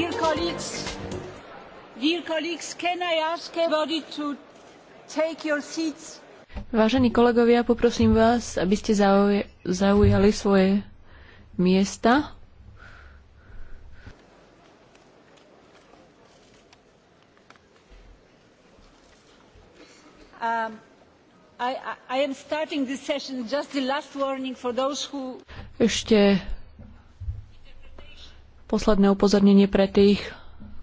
Dear colleagues, dear colleagues, can I ask everybody to take your seats? Vážení kolegovia, poprosím vás, aby ste zauj zaujali svoje miesta. Um, I, I, am starting this session, just the last warning for those who... Ešte Posledné upozornenie pre tých,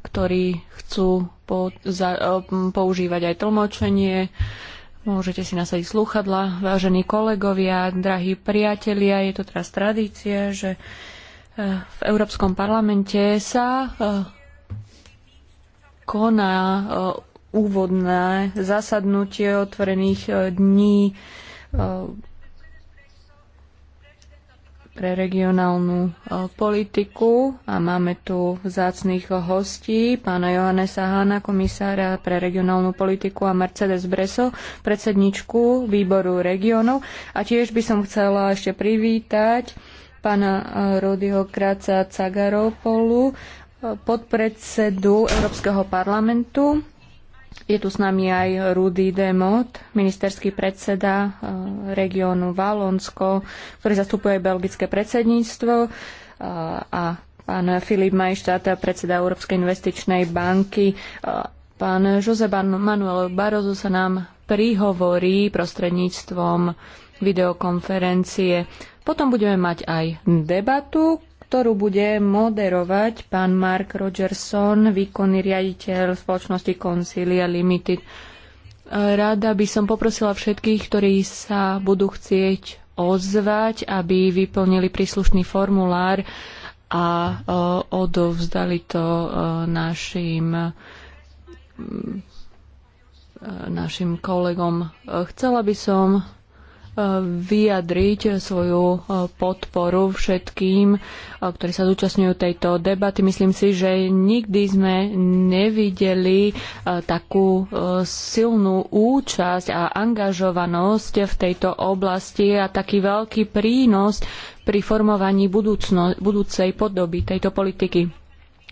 ktorí chcú po, za, používať aj tlmočenie. Môžete si nasadiť slúchadla. Vážení kolegovia, drahí priatelia, je to teraz tradícia, že e, v Európskom parlamente sa e, koná e, úvodné zasadnutie otvorených dní pre regionálnu e, politiku a máme tu vzácných hostí, pána Johannesa Hána, komisára pre regionálnu politiku a Mercedes Breso, predsedničku výboru regionov. A tiež by som chcela ešte privítať pána e, Rodyho Kráca Cagaropolu, e, podpredsedu Európskeho parlamentu je tu s nami aj Rudy Demot, ministerský predseda e, regiónu Valonsko, ktorý zastupuje belgické predsedníctvo e, a pán Filip Majštát, predseda Európskej investičnej banky. E, pán Jose Manuel Barozo sa nám prihovorí prostredníctvom videokonferencie. Potom budeme mať aj debatu, ktorú bude moderovať pán Mark Rogerson, výkonný riaditeľ spoločnosti Concilia Limited. Rada by som poprosila všetkých, ktorí sa budú chcieť ozvať, aby vyplnili príslušný formulár a e, odovzdali to e, našim e, našim kolegom. Chcela by som vyjadriť svoju e, podporu všetkým, e, ktorí sa zúčastňujú tejto debaty. Myslím si, že nikdy sme nevideli e, takú silnú účasť a angažovanosť v tejto oblasti a taký veľký prínos pri formovaní budúcno, budúcej podoby tejto politiky.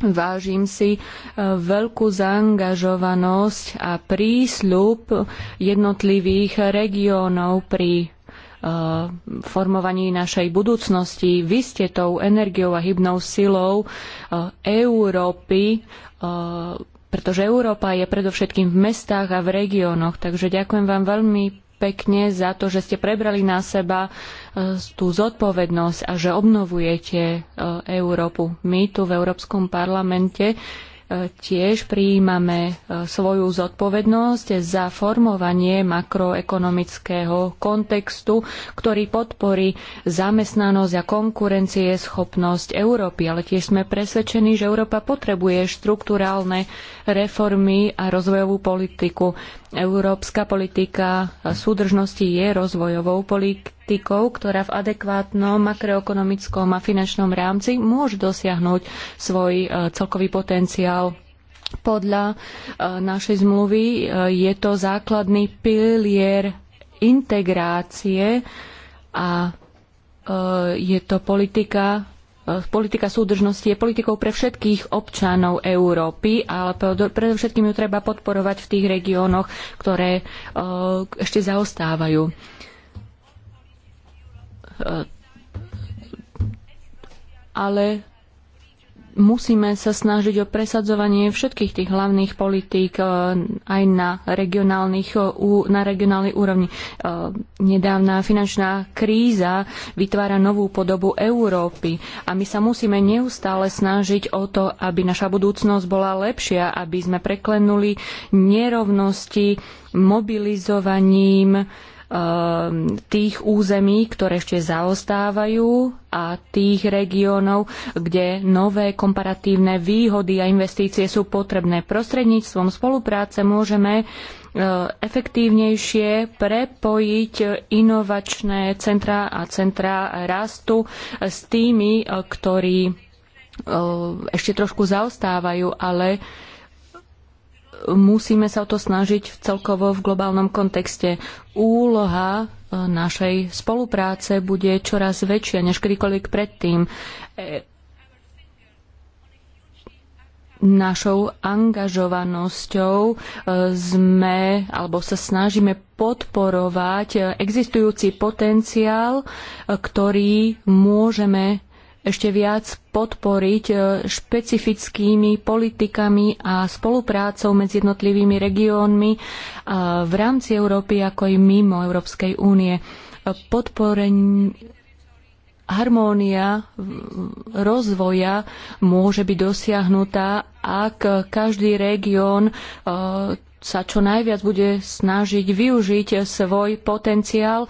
Vážim si veľkú zaangažovanosť a prísľub jednotlivých regiónov pri formovaní našej budúcnosti. Vy ste tou energiou a hybnou silou e, Európy, e, pretože Európa je predovšetkým v mestách a v regiónoch. Takže ďakujem vám veľmi pekne za to, že ste prebrali na seba e, tú zodpovednosť a že obnovujete Európu. My tu v Európskom parlamente tiež prijímame e, svoju zodpovednosť za formovanie makroekonomického kontextu, ktorý podporí zamestnanosť a konkurencieschopnosť Európy. Ale tiež sme presvedčení, že Európa potrebuje štruktúrálne reformy a rozvojovú politiku Európska politika súdržnosti je rozvojovou politikou, ktorá v adekvátnom makroekonomickom a finančnom rámci môže dosiahnuť svoj e, celkový potenciál. Podľa e, našej zmluvy e, je to základný pilier integrácie a je to politika Eh, politika súdržnosti je politikou pre všetkých občanov Európy, ale predovšetkým ju treba podporovať v tých regiónoch, ktoré eh, ešte zaostávajú. Eh, ale musíme sa snažiť o presadzovanie všetkých tých hlavných politík e, aj na, regionálnych, e, na regionálnej úrovni. E, nedávna finančná kríza vytvára novú podobu Európy a my sa musíme neustále snažiť o to, aby naša budúcnosť bola lepšia, aby sme preklenuli nerovnosti mobilizovaním Ehm, tých území, ktoré ešte zaostávajú a tých regiónov, kde nové komparatívne výhody a investície sú potrebné. Prostredníctvom spolupráce môžeme e, efektívnejšie prepojiť inovačné centra a centra rastu s tými, e, ktorí e, ešte trošku zaostávajú, ale musíme sa o to snažiť v celkovo v globálnom kontexte. Úloha e, našej spolupráce bude čoraz väčšia než kedykoľvek predtým. E, našou angažovanosťou e, sme alebo sa snažíme podporovať existujúci potenciál, ktorý môžeme ešte viac podporiť e, špecifickými politikami a spoluprácou medzi jednotlivými regiónmi e, v rámci Európy, ako aj mimo Európskej únie. E, podporeň harmónia rozvoja môže byť dosiahnutá, ak každý región sa čo najviac bude snažiť využiť svoj potenciál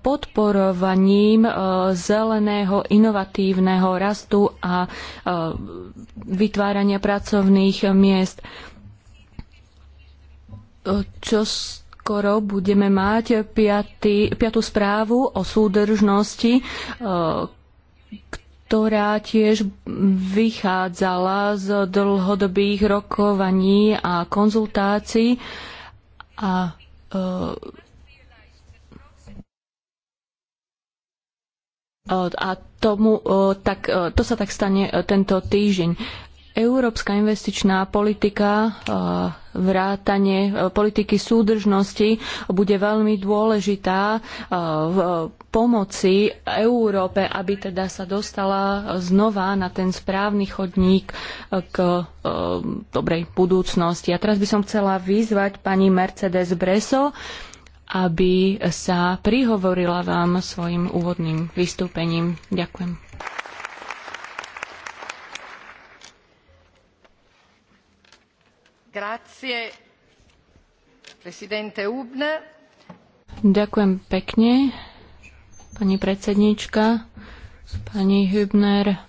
podporovaním e, zeleného, inovatívneho rastu a e, vytvárania pracovných miest. E, čo skoro budeme mať piatú správu o súdržnosti, ktorá tiež vychádzala z dlhodobých rokovaní a konzultácií a e, a tomu e, tak, e, to sa tak stane tento týždeň. Európska investičná politika, e, vrátanie e, politiky súdržnosti bude veľmi dôležitá e, v pomoci Európe, aby teda sa dostala znova na ten správny chodník k dobrej budúcnosti. A teraz by som chcela vyzvať pani Mercedes Breso, aby sa prihovorila vám svojim úvodným vystúpením. Ďakujem. Ďakujem pekne, pani predsedníčka, pani Hübner,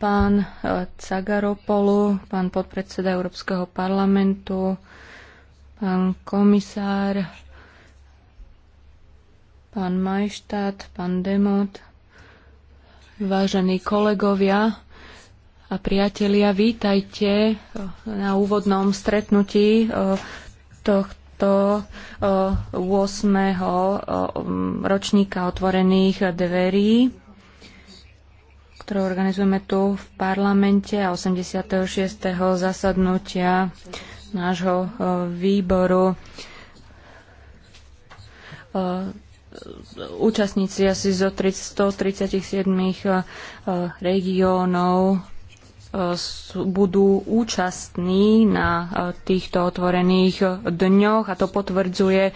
pán Cagaropolu, pán podpredseda Európskeho parlamentu, pán komisár, pán Majštát, pán demott vážení kolegovia a priatelia, vítajte eh, na úvodnom stretnutí eh, tohto 8. Eh, ročníka otvorených dverí, ktoré organizujeme tu v parlamente a 86. zasadnutia nášho výboru účastníci asi zo 137 regiónov budú účastní na eh, týchto otvorených eh, dňoch a to potvrdzuje, eh,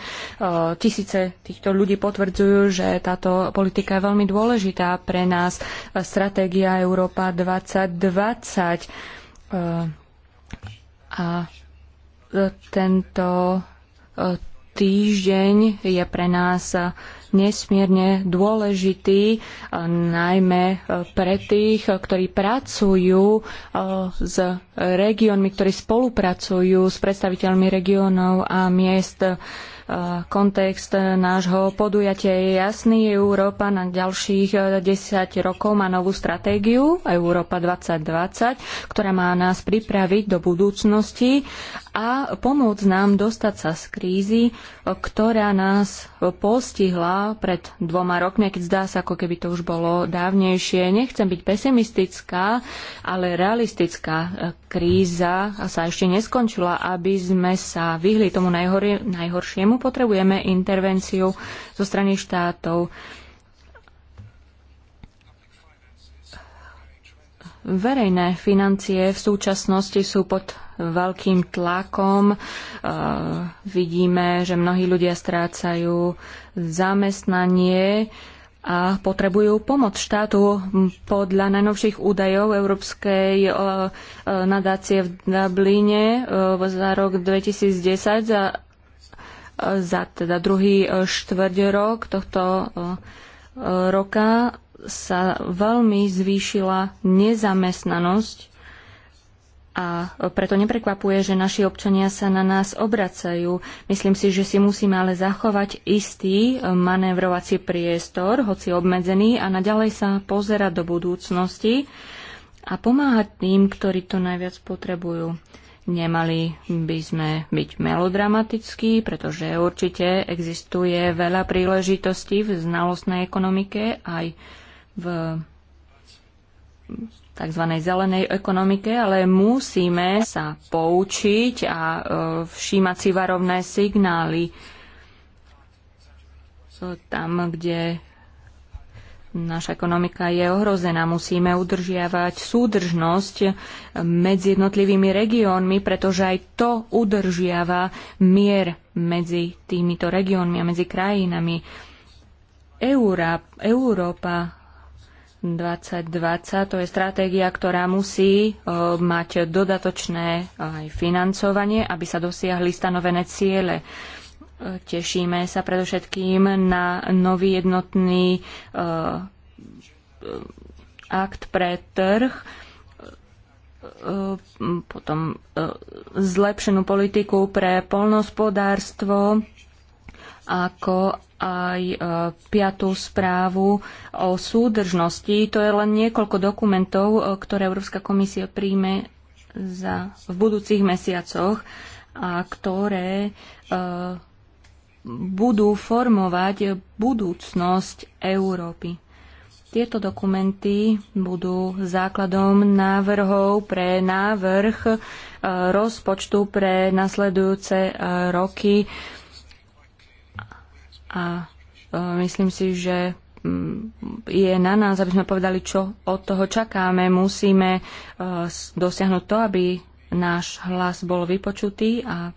tisíce týchto ľudí potvrdzujú, že táto politika je veľmi dôležitá pre nás. Stratégia Európa 2020 a tento týždeň je pre nás nesmierne dôležitý, najmä e, pre tých, e, ktorí pracujú e, s regiónmi, ktorí spolupracujú s predstaviteľmi regiónov a miest. Kontext nášho podujatia je jasný. Európa na ďalších 10 rokov má novú stratégiu Európa 2020, ktorá má nás pripraviť do budúcnosti a pomôcť nám dostať sa z krízy, ktorá nás postihla pred dvoma rokmi, keď zdá sa, ako keby to už bolo dávnejšie. Nechcem byť pesimistická, ale realistická kríza sa ešte neskončila. Aby sme sa vyhli tomu najhor najhoršiemu, potrebujeme intervenciu zo strany štátov. Verejné financie v súčasnosti sú pod veľkým tlakom. E, vidíme, že mnohí ľudia strácajú zamestnanie a potrebujú pomoc štátu. Podľa najnovších údajov Európskej e, e nadácie v Dubline e, za rok 2010 za, e, za teda druhý e, štvrť rok tohto roka sa veľmi zvýšila nezamestnanosť a preto neprekvapuje, že naši občania sa na nás obracajú. Myslím si, že si musíme ale zachovať istý eh, manévrovací priestor, hoci obmedzený, a naďalej sa pozerať do budúcnosti a pomáhať tým, ktorí to najviac potrebujú. Nemali by sme byť melodramatickí, pretože určite existuje veľa príležitostí v znalostnej ekonomike aj v tzv. zelenej ekonomike, ale musíme sa poučiť a e, všímať si varovné signály. E, tam, kde naša ekonomika je ohrozená. Musíme udržiavať súdržnosť medzi jednotlivými regiónmi, pretože aj to udržiava mier medzi týmito regiónmi a medzi krajinami. Európa 2020. To je stratégia, ktorá musí e, mať dodatočné aj e, financovanie, aby sa dosiahli stanovené ciele. E, tešíme sa predovšetkým na nový jednotný akt pre trh, potom zlepšenú politiku pre polnospodárstvo, ako aj e, piatú správu o súdržnosti. To je len niekoľko dokumentov, e, ktoré Európska komisia príjme za, v budúcich mesiacoch a ktoré e, budú formovať budúcnosť Európy. Tieto dokumenty budú základom návrhov pre návrh e, rozpočtu pre nasledujúce e, roky a e, myslím si, že mm, je na nás, aby sme povedali, čo od toho čakáme. Musíme e, dosiahnuť to, aby náš hlas bol vypočutý a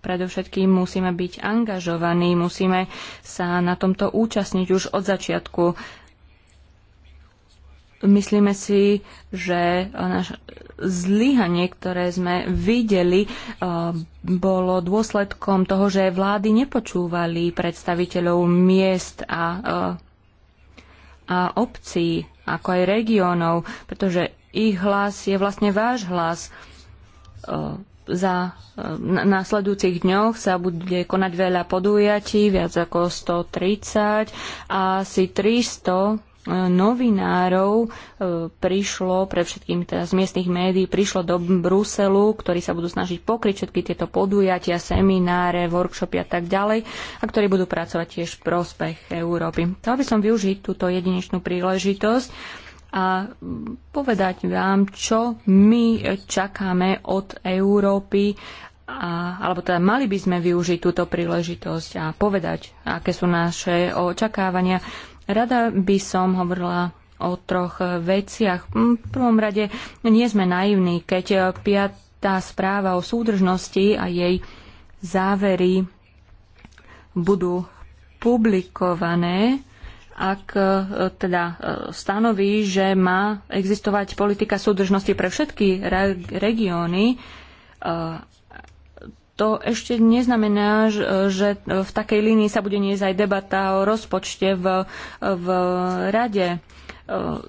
predovšetkým musíme byť angažovaní, musíme sa na tomto účastniť už od začiatku Myslíme si, že eh, naš zlyhanie, ktoré sme videli, eh, bolo dôsledkom toho, že vlády nepočúvali predstaviteľov miest a, eh, a obcí, ako aj regiónov, pretože ich hlas je vlastne váš hlas za následujúcich dňoch sa bude konať veľa podujatí, viac ako 130 a asi 300 novinárov e, prišlo, pre všetkým teda z miestnych médií, prišlo do Bruselu, ktorí sa budú snažiť pokryť všetky tieto podujatia, semináre, workshopy a tak ďalej a ktorí budú pracovať tiež v prospech Európy. Chcel by som využiť túto jedinečnú príležitosť a povedať vám, čo my čakáme od Európy a, alebo teda mali by sme využiť túto príležitosť a povedať, aké sú naše očakávania Rada by som hovorila o troch veciach. Mm, v prvom rade nie sme naivní, keď piatá správa o súdržnosti a jej závery budú publikované, ak e, teda e, stanoví, že má existovať politika súdržnosti pre všetky regióny e, to ešte neznamená, že v takej línii sa bude niesť aj debata o rozpočte v, v rade.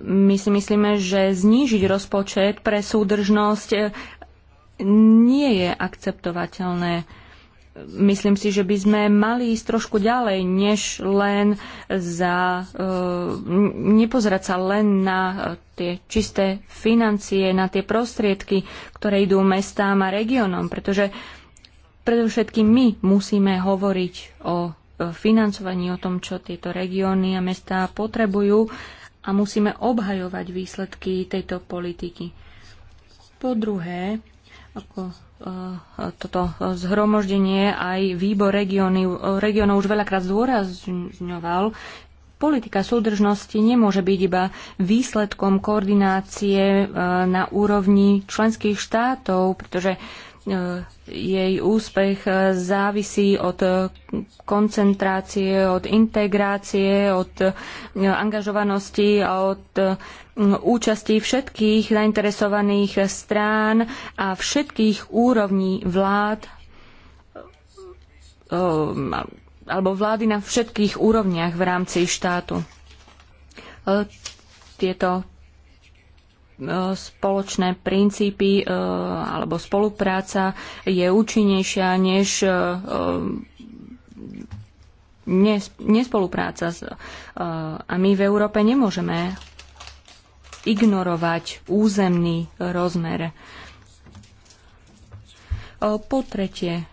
My si myslíme, že znížiť rozpočet pre súdržnosť nie je akceptovateľné. Myslím si, že by sme mali ísť trošku ďalej, než len za... E, nepozerať sa len na tie čisté financie, na tie prostriedky, ktoré idú mestám a regiónom, pretože predovšetkým my musíme hovoriť o financovaní, o tom, čo tieto regióny a mestá potrebujú a musíme obhajovať výsledky tejto politiky. Po druhé, ako e, toto zhromoždenie aj výbor regiónov už veľakrát zdôrazňoval, politika súdržnosti nemôže byť iba výsledkom koordinácie e, na úrovni členských štátov, pretože E, jej úspech e, závisí od e, koncentrácie, od integrácie, od angažovanosti a od účasti všetkých zainteresovaných strán a všetkých úrovní vlád alebo vlády na všetkých úrovniach v rámci štátu. Tieto E, spoločné princípy e, alebo spolupráca je účinnejšia než e, nespolupráca. A my v Európe nemôžeme ignorovať územný rozmer. Po tretie,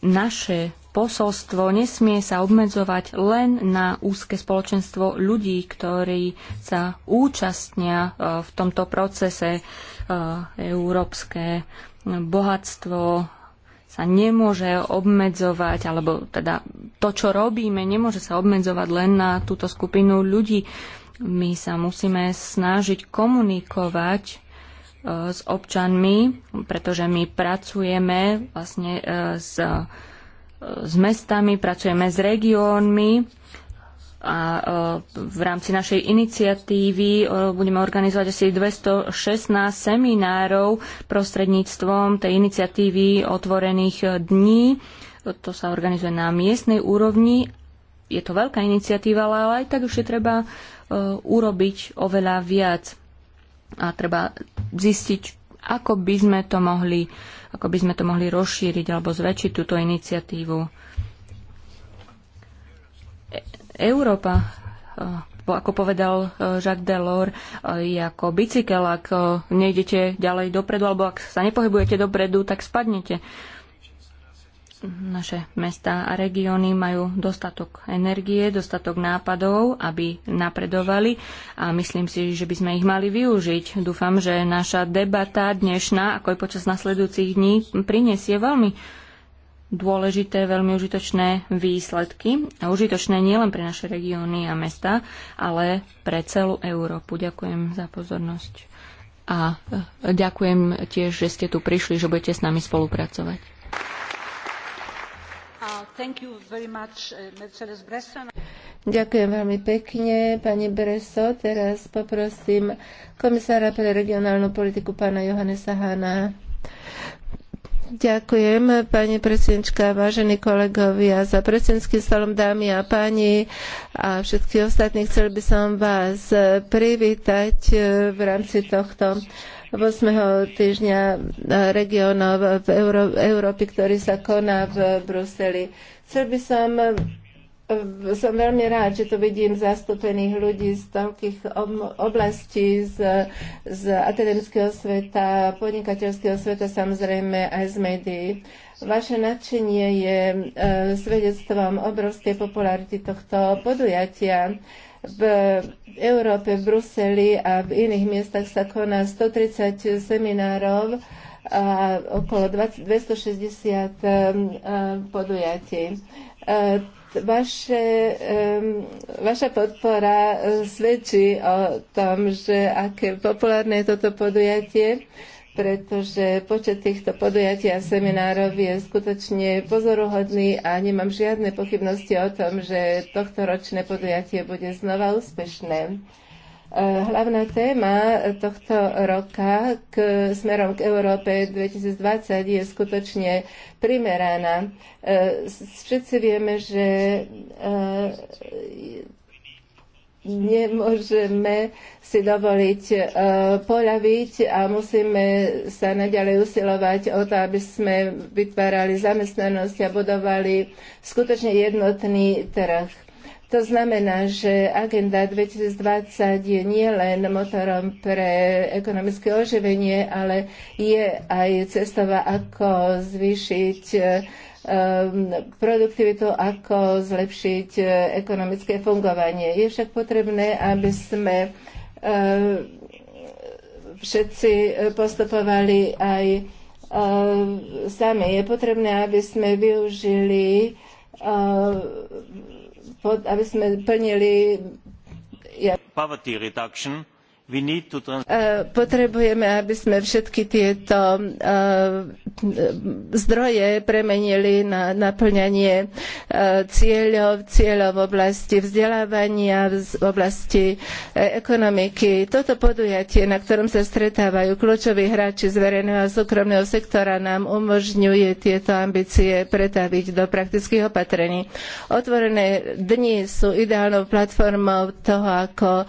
naše posolstvo nesmie sa obmedzovať len na úzke spoločenstvo ľudí, ktorí sa účastnia e, v tomto procese. E, európske bohatstvo sa nemôže obmedzovať, alebo teda to, čo robíme, nemôže sa obmedzovať len na túto skupinu ľudí. My sa musíme snažiť komunikovať e, s občanmi, pretože my pracujeme vlastne s s mestami, pracujeme s regiónmi a e, v rámci našej iniciatívy e, budeme organizovať asi 216 seminárov prostredníctvom tej iniciatívy otvorených dní. To sa organizuje na miestnej úrovni. Je to veľká iniciatíva, ale aj tak už je treba e, urobiť oveľa viac a treba zistiť, ako by sme to mohli ako by sme to mohli rozšíriť alebo zväčšiť túto iniciatívu. E Európa, e, ako povedal e, Jacques Delors, e, je ako bicykel. Ak nejdete ďalej dopredu alebo ak sa nepohybujete dopredu, tak spadnete naše mestá a regióny majú dostatok energie, dostatok nápadov, aby napredovali a myslím si, že by sme ich mali využiť. Dúfam, že naša debata dnešná, ako aj počas nasledujúcich dní, prinesie veľmi dôležité, veľmi užitočné výsledky. A užitočné nielen pre naše regióny a mesta, ale pre celú Európu. Ďakujem za pozornosť. A e, ďakujem tiež, že ste tu prišli, že budete s nami spolupracovať. Uh, uh, Ďakujem veľmi pekne, pani Bresso. Teraz poprosím komisára pre regionálnu politiku, pána Johannesa Hána. Ďakujem, pani predsednička, vážení kolegovia, za predsedníckým stolom dámy a páni a všetkých ostatných. Chcel by som vás privítať uh, v rámci tohto 8. týždňa eh, regionov v Euró- Európy, ktorý sa koná v Bruseli. Chcel by som eh, som veľmi rád, že tu vidím zastúpených ľudí z toľkých oblastí, z, z akademického sveta, podnikateľského sveta, samozrejme aj z médií. Vaše nadšenie je e, svedectvom obrovskej popularity tohto podujatia. E, v Európe, v Bruseli a v iných miestach sa koná 130 seminárov a okolo 260 um, um, podujatí e, vaše, um, vaša podpora e, svedčí o tom, že aké populárne je toto podujatie pretože počet týchto podujatí a seminárov je skutočne pozoruhodný a nemám žiadne pochybnosti o tom, že tohto ročné podujatie bude znova úspešné. E, hlavná téma tohto roka k smerom k Európe 2020 je skutočne primeraná. E, všetci vieme, že e, nemôžeme si dovoliť e, poľaviť a musíme sa naďalej usilovať o to, aby sme vytvárali zamestnanosť a budovali skutočne jednotný trh. To znamená, že agenda 2020 je nielen motorom pre ekonomické oživenie, ale je aj cestova, ako zvýšiť e, Ehm, produktivitu, ako zlepšiť e, ekonomické fungovanie. Je však potrebné, aby sme ehm, všetci e, postupovali aj ehm, sami. Je potrebné, aby sme využili, aby sme plnili poverty reduction E, potrebujeme, aby sme všetky tieto e, zdroje premenili na naplňanie e, cieľov, cieľov v oblasti vzdelávania, v oblasti ekonomiky. Toto podujatie, na ktorom sa stretávajú kľúčoví hráči z verejného a súkromného sektora, nám umožňuje tieto ambície pretaviť do praktických opatrení. Otvorené dni sú ideálnou platformou toho, ako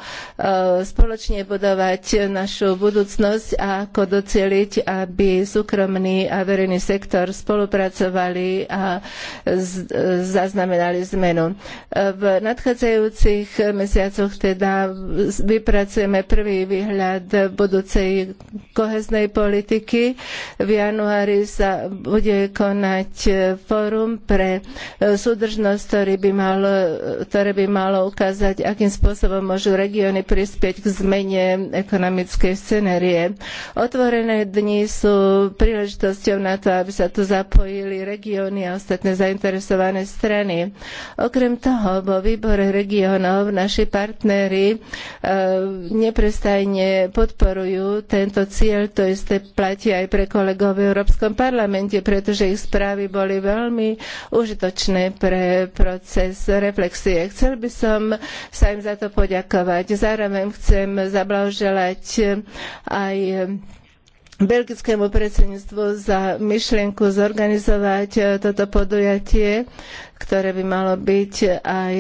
spoločne budovať našu budúcnosť a ako docieliť, aby súkromný a verejný sektor spolupracovali a zaznamenali zmenu. V nadchádzajúcich mesiacoch teda vypracujeme prvý výhľad budúcej koheznej politiky. V januári sa bude konať fórum pre súdržnosť, ktorý by mal, ktoré by malo ukázať, akým spôsobom môžu regióny prispieť k zmene zlepšenie ekonomickej scenérie. Otvorené dni sú príležitosťou na to, aby sa tu zapojili regióny a ostatné zainteresované strany. Okrem toho, vo výbore regiónov naši partnery e, neprestajne podporujú tento cieľ, to isté platí aj pre kolegov v Európskom parlamente, pretože ich správy boli veľmi užitočné pre proces reflexie. Chcel by som sa im za to poďakovať. Zároveň chcem zablahoželať zablahoželať eh, aj eh, belgickému predsedníctvu za myšlienku zorganizovať eh, toto podujatie, ktoré by malo byť aj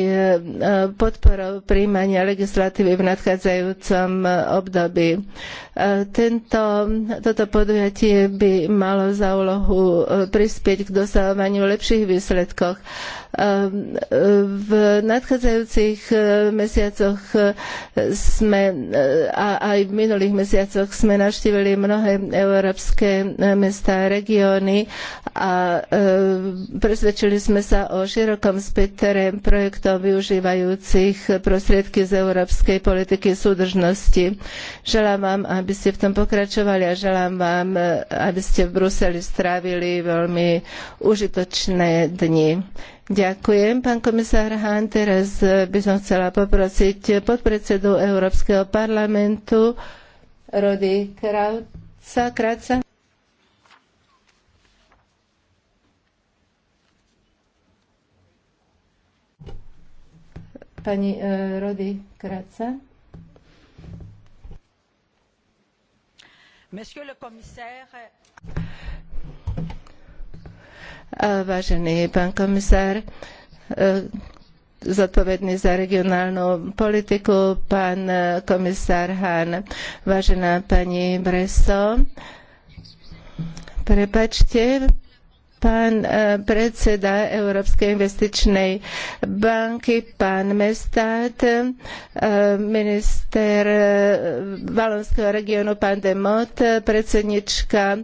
podporou príjmania legislatívy v nadchádzajúcom období. Tento, toto podujatie by malo za úlohu prispieť k dosahovaniu lepších výsledkov v nadchádzajúcich eh, mesiacoch eh, sme eh, a aj v minulých mesiacoch sme navštívili mnohé európske mestá a regióny a presvedčili sme sa o širokom spektre projektov využívajúcich prostriedky z európskej politiky súdržnosti. Želám vám, aby ste v tom pokračovali a želám vám, aby ste v Bruseli strávili veľmi užitočné dni. Ďakujem, pán komisár Hahn. Teraz eh, by som chcela poprosiť podpredsedu Európskeho parlamentu Rody Kravca. Kravca. Pani e, Rody Kravca. Monsieur le commissaire, Vážený pán komisár, e, zodpovedný za regionálnu politiku, pán e, komisár Hahn, vážená pani Bresso. prepačte, pán e, predseda Európskej investičnej banky, pán Mestát, e, minister e, Valonského regiónu, pán Demot, predsednička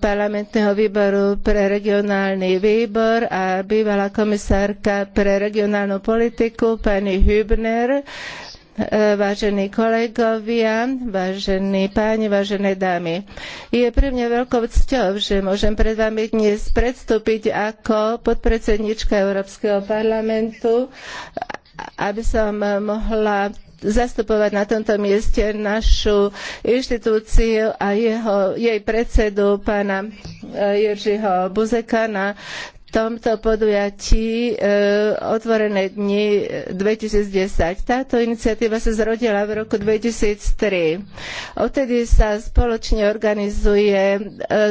parlamentného výboru pre regionálny výbor a bývalá komisárka pre regionálnu politiku, pani Hübner, E, vážení kolegovia, vážení páni, vážené dámy. Je pre mňa veľkou cťou, že môžem pred vami dnes predstúpiť ako podpredsednička Európskeho parlamentu, aby som mohla zastupovať na tomto mieste našu inštitúciu a jeho, jej predsedu pána e, Jeržiho Buzeka na tomto podujatí e, Otvorené dni 2010. Táto iniciatíva sa zrodila v roku 2003. Odtedy sa spoločne organizuje e,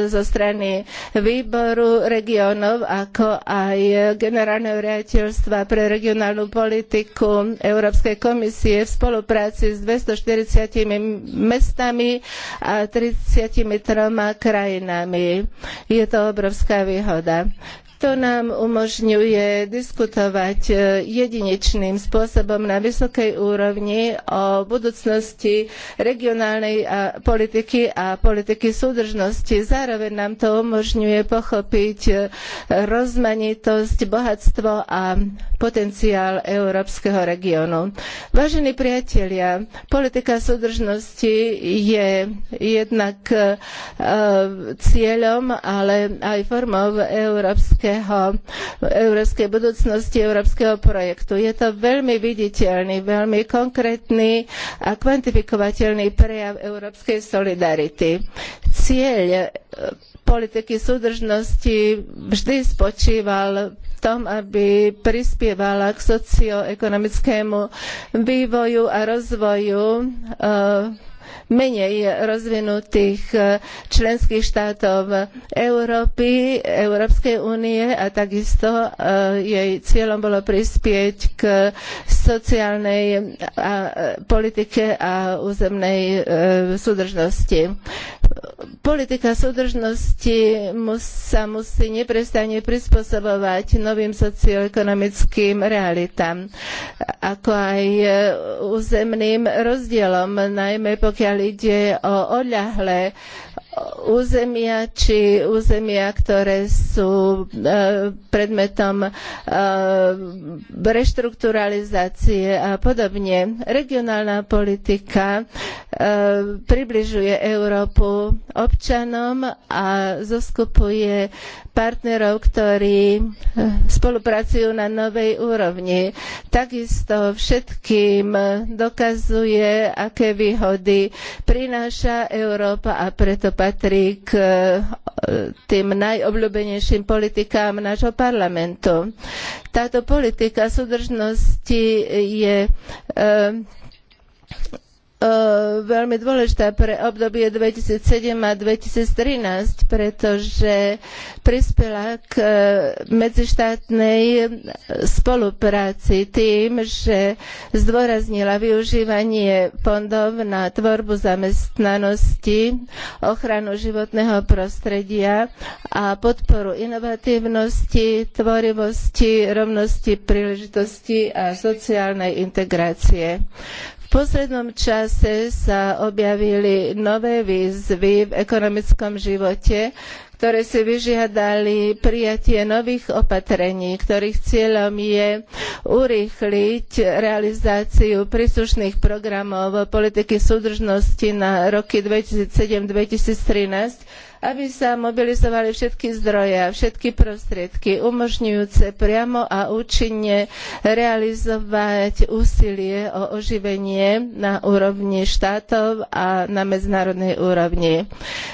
zo strany výboru regionov, ako aj generálneho riaditeľstva pre regionálnu politiku Európskej komisie v spolupráci s 240 mestami a 33 krajinami. Je to obrovská výhoda. To nám umožňuje diskutovať e, jedinečným spôsobom na vysokej úrovni o budúcnosti regionálnej politiky a politiky súdržnosti. Zároveň nám to umožňuje pochopiť e, rozmanitosť, bohatstvo a potenciál európskeho regiónu. Vážení priatelia, politika súdržnosti je jednak e, cieľom, ale aj formou európskej európskeho, európskej budúcnosti, európskeho projektu. Je to veľmi viditeľný, veľmi konkrétny a kvantifikovateľný prejav európskej solidarity. Cieľ e, politiky súdržnosti vždy spočíval v tom, aby prispievala k socioekonomickému vývoju a rozvoju uh, menej rozvinutých e, členských štátov Európy, Európskej únie a takisto e, jej cieľom bolo prispieť k sociálnej e, politike a územnej súdržnosti. Politika súdržnosti sa musí neprestane prispôsobovať novým socioekonomickým realitám, ako aj územným rozdielom, najmä pokiaľ ide o odľahlé územia či územia, ktoré sú e, predmetom e, reštrukturalizácie a podobne. Regionálna politika e, približuje Európu občanom a zoskupuje partnerov, ktorí spolupracujú na novej úrovni. Takisto všetkým dokazuje, aké výhody prináša Európa a preto patrí k e, tým najobľúbenejším politikám nášho parlamentu. Táto politika súdržnosti je e, Eh, veľmi dôležitá pre obdobie 2007 a 2013, pretože prispela k eh, medzištátnej spolupráci tým, že zdôraznila využívanie fondov na tvorbu zamestnanosti, ochranu životného prostredia a podporu inovatívnosti, tvorivosti, rovnosti príležitosti a sociálnej integrácie poslednom čase sa objavili nové výzvy v ekonomickom živote ktoré si vyžiadali prijatie nových opatrení, ktorých cieľom je urýchliť realizáciu príslušných programov politiky súdržnosti na roky 2007-2013 aby sa mobilizovali všetky zdroje a všetky prostriedky umožňujúce priamo a účinne realizovať úsilie o oživenie na úrovni štátov a na medzinárodnej úrovni.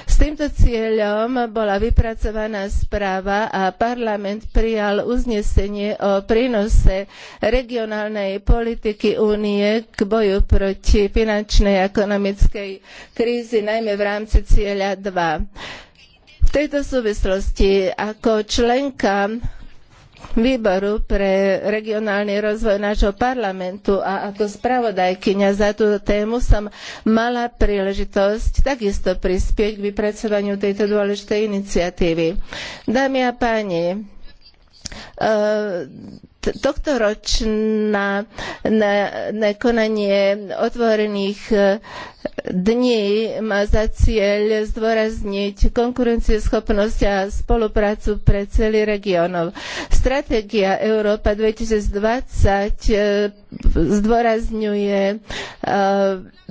S týmto cieľom bola bola vypracovaná správa a parlament prijal uznesenie o prínose regionálnej politiky únie k boju proti finančnej a ekonomickej kríze, najmä v rámci cieľa 2. V tejto súvislosti ako členka výboru pre regionálny rozvoj nášho parlamentu a ako spravodajkyňa za túto tému som mala príležitosť takisto prispieť k vypracovaniu tejto dôležitej iniciatívy. Dámy a páni, tohtoročná na, na konanie otvorených e, dní má za cieľ zdôrazniť konkurencieschopnosť a spoluprácu pre celý región. Stratégia Európa 2020 e, zdôrazňuje uh, uh,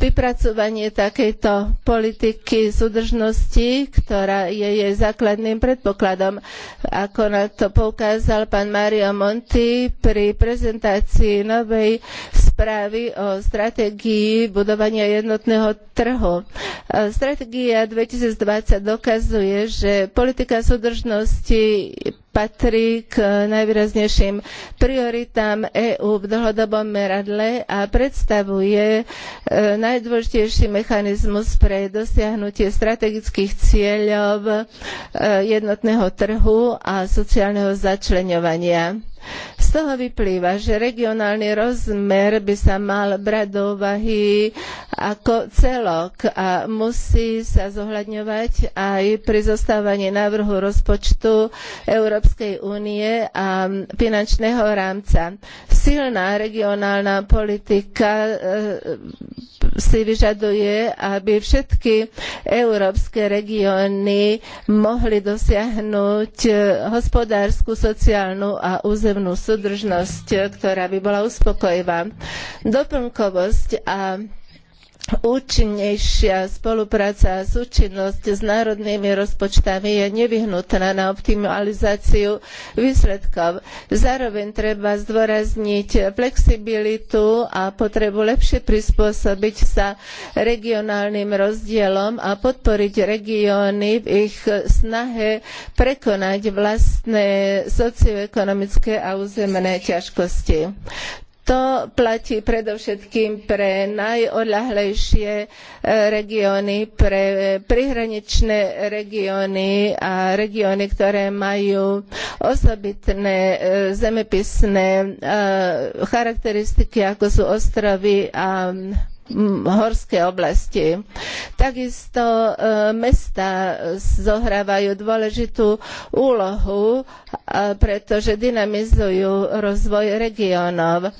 vypracovanie takejto politiky súdržnosti, ktorá je jej základným predpokladom. Ako na to poukázal pán Mario Monti pri prezentácii novej správy o stratégii budovania jednotného trhu. E, stratégia 2020 dokazuje, že politika súdržnosti patrí k najvýraznejším prioritám EÚ v dlhodobom meradle a predstavuje e, najdôležitejší mechanizmus pre dosiahnutie strategických cieľov e, jednotného trhu a sociálneho začleňovania. Z toho vyplýva, že regionálny rozmer by sa mal brať do úvahy ako celok a musí sa zohľadňovať aj pri zostávaní návrhu rozpočtu Európskej únie a finančného rámca. Silná regionálna politika e, si vyžaduje, aby všetky európske regióny mohli dosiahnuť e, hospodársku, sociálnu a územnú územnú súdržnosť, ktorá by bola uspokojivá. Doplnkovosť a účinnejšia spolupráca a súčinnosť s národnými rozpočtami je nevyhnutná na optimalizáciu výsledkov. Zároveň treba zdôrazniť flexibilitu a potrebu lepšie prispôsobiť sa regionálnym rozdielom a podporiť regióny v ich snahe prekonať vlastné socioekonomické a územné ťažkosti. To platí predovšetkým pre najodľahlejšie e, regióny, pre prihraničné regióny a regióny, ktoré majú osobitné e, zemepisné e, charakteristiky, ako sú ostrovy a horské oblasti. Takisto e, mestá zohrávajú dôležitú úlohu, pretože dynamizujú rozvoj regiónov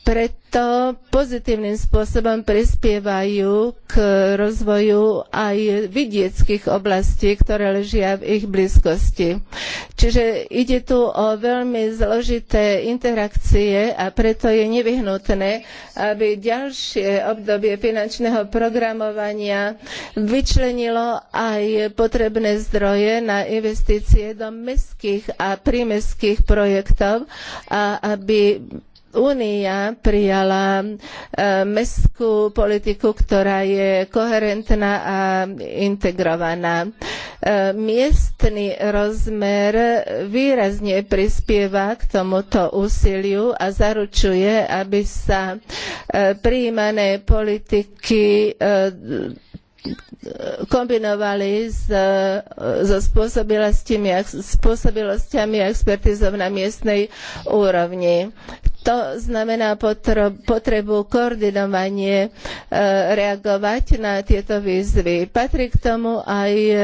preto pozitívnym spôsobom prispievajú k rozvoju aj vidieckých oblastí, ktoré ležia v ich blízkosti. Čiže ide tu o veľmi zložité interakcie a preto je nevyhnutné, aby ďalšie obdobie finančného programovania vyčlenilo aj potrebné zdroje na investície do mestských a prímestských projektov a aby Únia prijala e, mestskú politiku, ktorá je koherentná a integrovaná. E, miestny rozmer výrazne prispieva k tomuto úsiliu a zaručuje, aby sa e, prijímané politiky kombinovali s, e, so spôsobilostiami, spôsobilosťami a expertizou na miestnej úrovni. To znamená potrebu koordinovanie e, reagovať na tieto výzvy. Patrí k tomu aj e,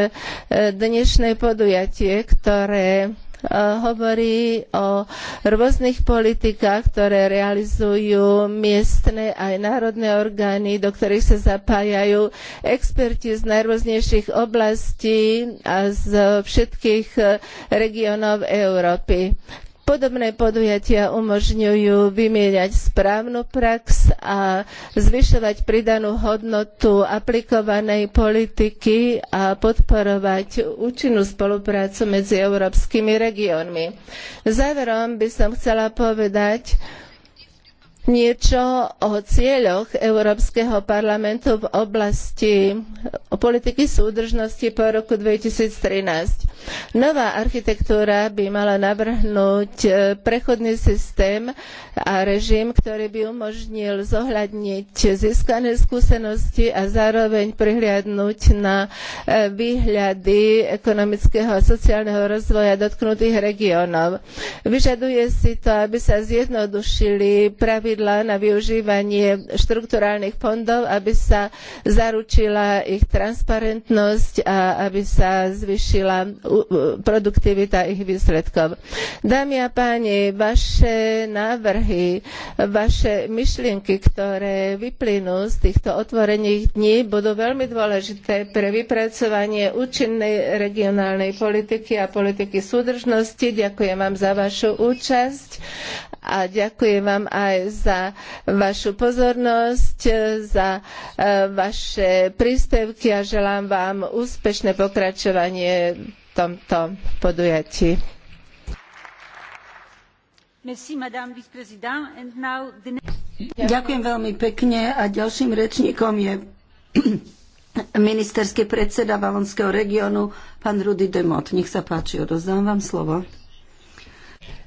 dnešné podujatie, ktoré Eh, hovorí o rôznych politikách, ktoré realizujú miestne aj národné orgány, do ktorých sa zapájajú experti z najrôznejších oblastí a z všetkých eh, regiónov Európy. Podobné podujatia umožňujú vymieňať správnu prax a zvyšovať pridanú hodnotu aplikovanej politiky a podporovať účinnú spoluprácu medzi európskymi regiónmi. Záverom by som chcela povedať, niečo o cieľoch Európskeho parlamentu v oblasti politiky súdržnosti po roku 2013. Nová architektúra by mala navrhnúť e, prechodný systém a režim, ktorý by umožnil zohľadniť získané skúsenosti a zároveň prihliadnuť na e, výhľady ekonomického a sociálneho rozvoja dotknutých regiónov. Vyžaduje si to, aby sa zjednodušili pravidlá pravidlá na využívanie štrukturálnych fondov, aby sa zaručila ich transparentnosť a aby sa zvýšila produktivita ich výsledkov. Dámy a páni, vaše návrhy, vaše myšlienky, ktoré vyplynú z týchto otvorených dní, budú veľmi dôležité pre vypracovanie účinnej regionálnej politiky a politiky súdržnosti. Ďakujem vám za vašu účasť a ďakujem vám aj za za vašu pozornosť, e, za e, vaše príspevky a želám vám úspešné pokračovanie v tomto podujatí. Ďakujem veľmi pekne a ďalším rečníkom je ministerský predseda Valonského regiónu, pán Rudy Demot. Nech sa páči, odozdám vám slovo.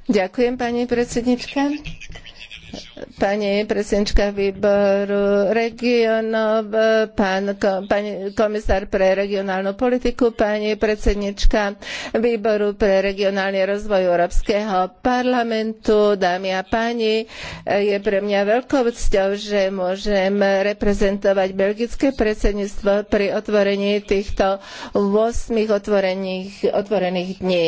Ďakujem, pani predsednička pani predsednička výboru regionov, pán pani komisár pre regionálnu politiku, pani predsednička výboru pre regionálny rozvoj Európskeho parlamentu, dámy a páni, je pre mňa veľkou cťou, že môžem reprezentovať belgické predsedníctvo pri otvorení týchto 8 otvorených dní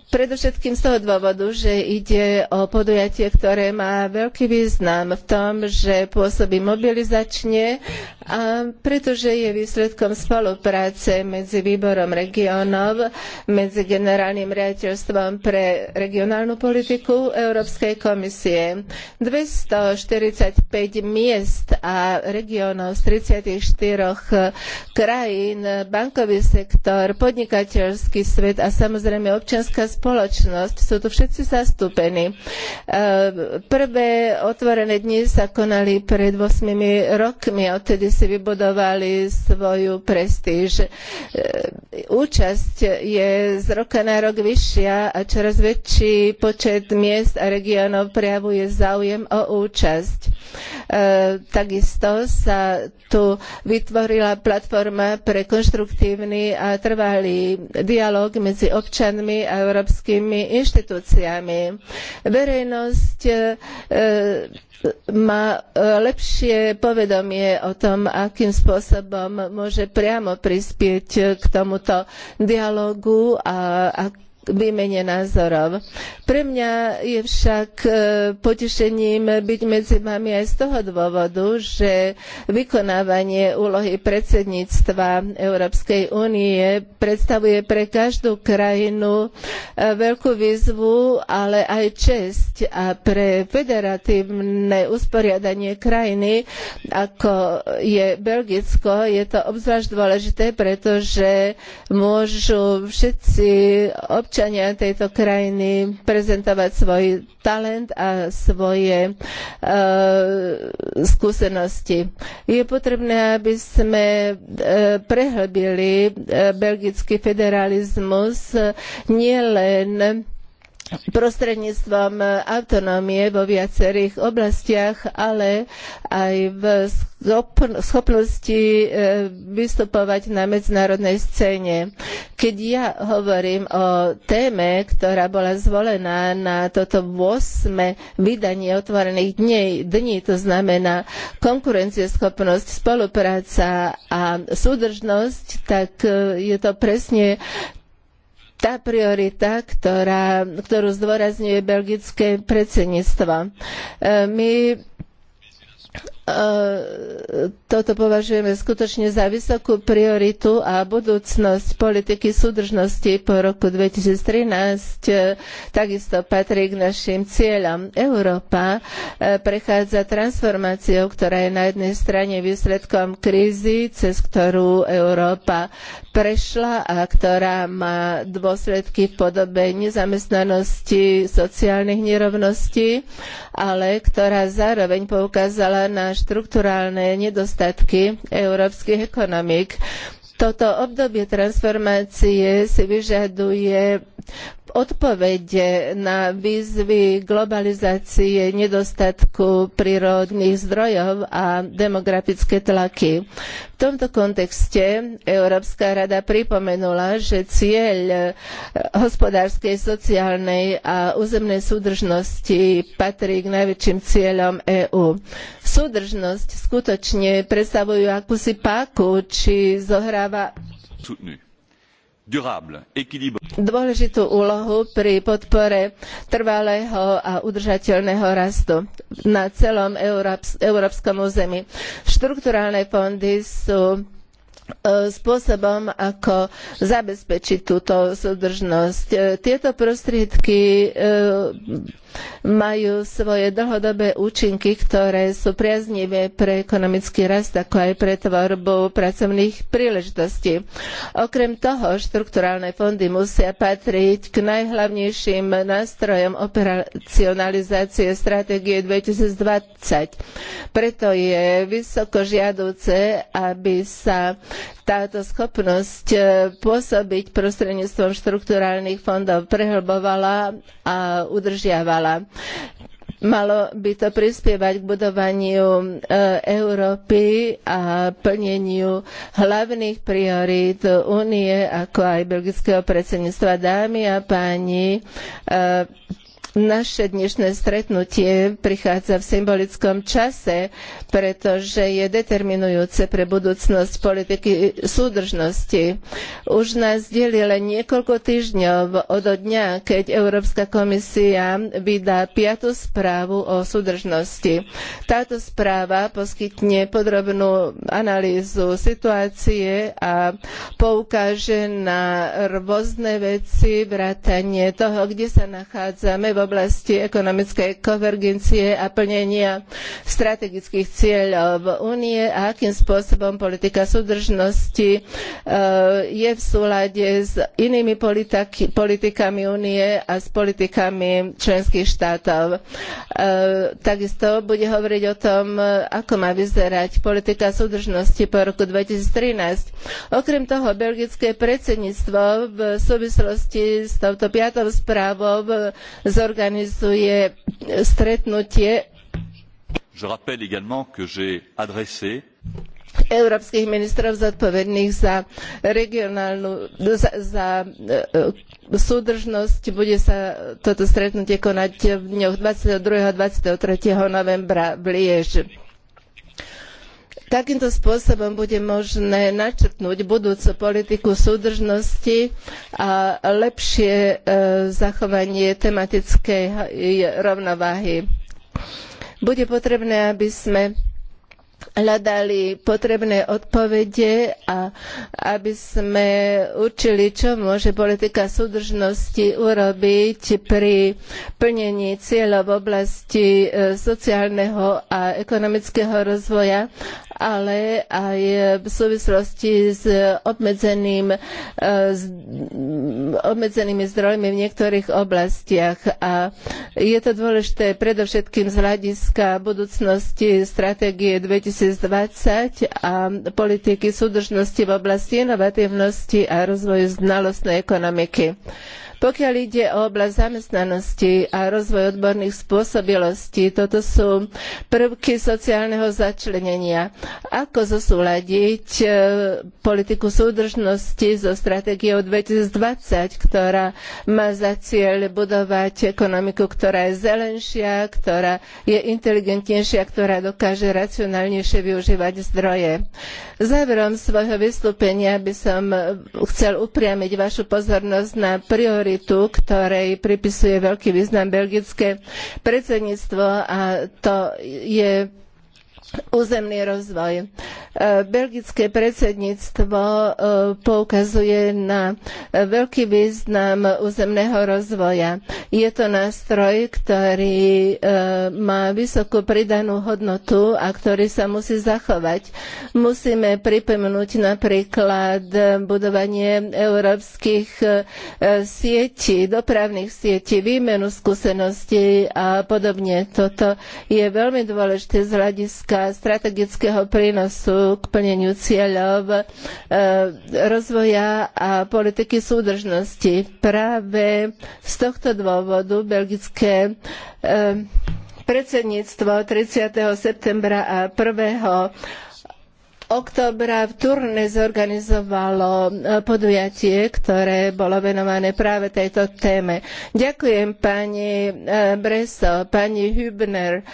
Predovšetkým z toho dôvodu, že ide o podujatie, ktoré má veľký význam v tom, že pôsobí mobilizačne a pretože je výsledkom spolupráce medzi výborom regiónov, medzi generálnym riaditeľstvom pre regionálnu politiku Európskej komisie. 245 miest a regiónov z 34 krajín, bankový sektor, podnikateľský svet a samozrejme občianska občianská spoločnosť. Sú tu všetci zastúpení. E, prvé otvorené dni sa konali pred 8 rokmi a odtedy si vybudovali svoju prestíž. E, účasť je z roka na rok vyššia a čoraz väčší počet miest a regiónov prejavuje záujem o účasť. E, takisto sa tu vytvorila platforma pre konštruktívny a trvalý dialog medzi občanmi a európskymi inštitúciami. Verejnosť e, má lepšie povedomie o tom, akým spôsobom môže priamo prispieť k tomuto dialogu a výmene názorov. Pre mňa je však e, potešením byť medzi vami aj z toho dôvodu, že vykonávanie úlohy predsedníctva Európskej únie predstavuje pre každú krajinu e, veľkú výzvu, ale aj česť a pre federatívne usporiadanie krajiny, ako je Belgicko, je to obzvlášť dôležité, pretože môžu všetci občania občania tejto krajiny prezentovať svoj talent a svoje uh, skúsenosti. Je potrebné, aby sme uh, prehlbili e, belgický federalizmus nielen prostredníctvom autonómie vo viacerých oblastiach, ale aj v schopnosti eh, vystupovať na medzinárodnej scéne. Keď ja hovorím o téme, ktorá bola zvolená na toto 8. vydanie otvorených dní, dní to znamená konkurencieschopnosť, spolupráca a súdržnosť, tak eh, je to presne tá priorita, ktorá, ktorú zdôrazňuje belgické predsedníctvo. E, my E, toto považujeme skutočne za vysokú prioritu a budúcnosť politiky súdržnosti po roku 2013 e, takisto patrí k našim cieľom. Európa e, prechádza transformáciou, ktorá je na jednej strane výsledkom krízy, cez ktorú Európa prešla a ktorá má dôsledky v podobe nezamestnanosti, sociálnych nerovností, ale ktorá zároveň poukázala na štrukturálne nedostatky európskych ekonomík. Toto obdobie transformácie si vyžaduje odpovede na výzvy globalizácie, nedostatku prírodných zdrojov a demografické tlaky. V tomto kontexte Európska rada pripomenula, že cieľ hospodárskej, sociálnej a územnej súdržnosti patrí k najväčším cieľom EÚ. Súdržnosť skutočne predstavujú akúsi páku, či zohráva... Soutenu Dôležitú úlohu pri podpore trvalého a udržateľného rastu na celom európskom území. Štrukturálne fondy sú e, spôsobom, ako zabezpečiť túto súdržnosť. E, tieto prostriedky e, majú svoje dlhodobé účinky, ktoré sú priaznivé pre ekonomický rast, ako aj pre tvorbu pracovných príležitostí. Okrem toho, štrukturálne fondy musia patriť k najhlavnejším nástrojom operacionalizácie stratégie 2020. Preto je vysoko žiaduce, aby sa táto schopnosť e, pôsobiť prostredníctvom štrukturálnych fondov prehlbovala a udržiavala. Malo by to prispievať k budovaniu e, Európy a plneniu hlavných priorít Únie, ako aj belgického predsedníctva dámy a páni. E, naše dnešné stretnutie prichádza v symbolickom čase, pretože je determinujúce pre budúcnosť politiky súdržnosti. Už nás delí len niekoľko týždňov od dňa, keď Európska komisia vydá piatu správu o súdržnosti. Táto správa poskytne podrobnú analýzu situácie a poukáže na rôzne veci, vrátanie toho, kde sa nachádzame oblasti ekonomickej konvergencie a plnenia strategických cieľov únie a akým spôsobom politika súdržnosti e, je v súlade s inými politikami únie a s politikami členských štátov. E, takisto bude hovoriť o tom, ako má vyzerať politika súdržnosti po roku 2013. Okrem toho, belgické predsedníctvo v súvislosti s touto piatou správou zorganizovalo organizuje e, stretnutie Je rappelle également que j'ai adressé európskych ministrov zodpovedných za regionálnu za, za e, e súdržnosť. Bude sa toto stretnutie konať v dňoch 22. a 23. novembra v Lieži Takýmto spôsobom bude možné načrtnúť budúcu politiku súdržnosti a lepšie e, zachovanie tematickej rovnováhy. Bude potrebné, aby sme hľadali potrebné odpovede a aby sme určili, čo môže politika súdržnosti urobiť pri plnení cieľov v oblasti e, sociálneho a ekonomického rozvoja ale aj v súvislosti s obmedzeným, s e, obmedzenými zdrojmi v niektorých oblastiach. A je to dôležité predovšetkým z hľadiska budúcnosti stratégie 2020 a politiky súdržnosti v oblasti inovatívnosti a rozvoju znalostnej ekonomiky. Pokiaľ ide o oblasť zamestnanosti a rozvoj odborných spôsobilostí, toto sú prvky sociálneho začlenenia. Ako zosúľadiť e, politiku súdržnosti so stratégiou 2020, ktorá má za cieľ budovať ekonomiku, ktorá je zelenšia, ktorá je inteligentnejšia, ktorá dokáže racionálnejšie využívať zdroje. Záverom svojho vystúpenia by som chcel upriamiť vašu pozornosť na priority autoritu, ktorej pripisuje veľký význam belgické predsedníctvo a to je územný rozvoj. E, belgické predsedníctvo e, poukazuje na veľký význam územného rozvoja. Je to nástroj, ktorý e, má vysokú pridanú hodnotu a ktorý sa musí zachovať. Musíme pripomenúť napríklad budovanie európskych sietí, dopravných sietí, výmenu skúseností a podobne. Toto je veľmi dôležité z hľadiska strategického prínosu k plneniu cieľov e, rozvoja a politiky súdržnosti. Práve z tohto dôvodu belgické e, predsedníctvo 30. septembra a 1 októbra v Turne zorganizovalo e, podujatie, ktoré bolo venované práve tejto téme. Ďakujem pani Breso, pani Hübner,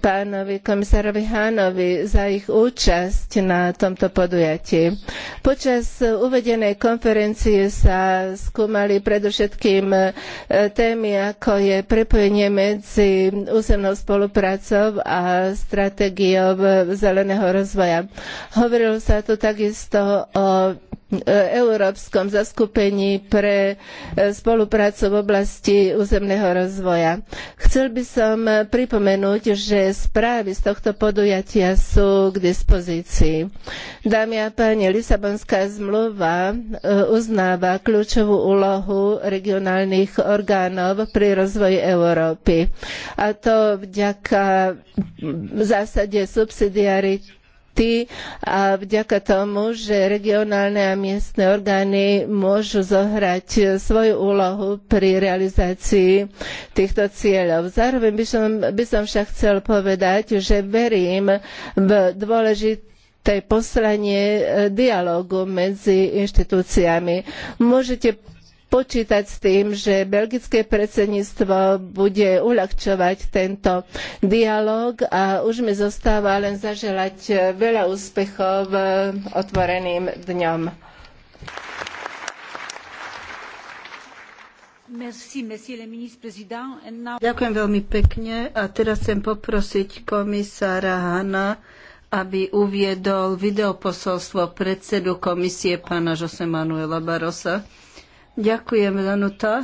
pánovi komisárovi Hánovi za ich účasť na tomto podujatí. Počas uvedenej konferencie sa skúmali predovšetkým e, témy, ako je prepojenie medzi územnou spoluprácou a stratégiou zeleného rozvoja. Hovorilo sa tu takisto o E, európskom zaskupení pre e, spoluprácu v oblasti územného rozvoja. Chcel by som pripomenúť, že správy z tohto podujatia sú k dispozícii. Dámy a páni, Lisabonská zmluva e, uznáva kľúčovú úlohu regionálnych orgánov pri rozvoji Európy. A to vďaka zásade subsidiarity projekty a vďaka tomu, že regionálne a miestne orgány môžu zohrať svoju úlohu pri realizácii týchto cieľov. Zároveň by som, by som však chcel povedať, že verím v dôležitý poslanie dialógu medzi inštitúciami. Môžete počítať s tým, že belgické predsedníctvo bude uľahčovať tento dialog a už mi zostáva len zaželať veľa úspechov otvoreným dňom. Ďakujem veľmi pekne a teraz chcem poprosiť komisára Hana, aby uviedol videoposolstvo predsedu komisie pána Jose Manuela Barosa. Ďakujem, Danuta.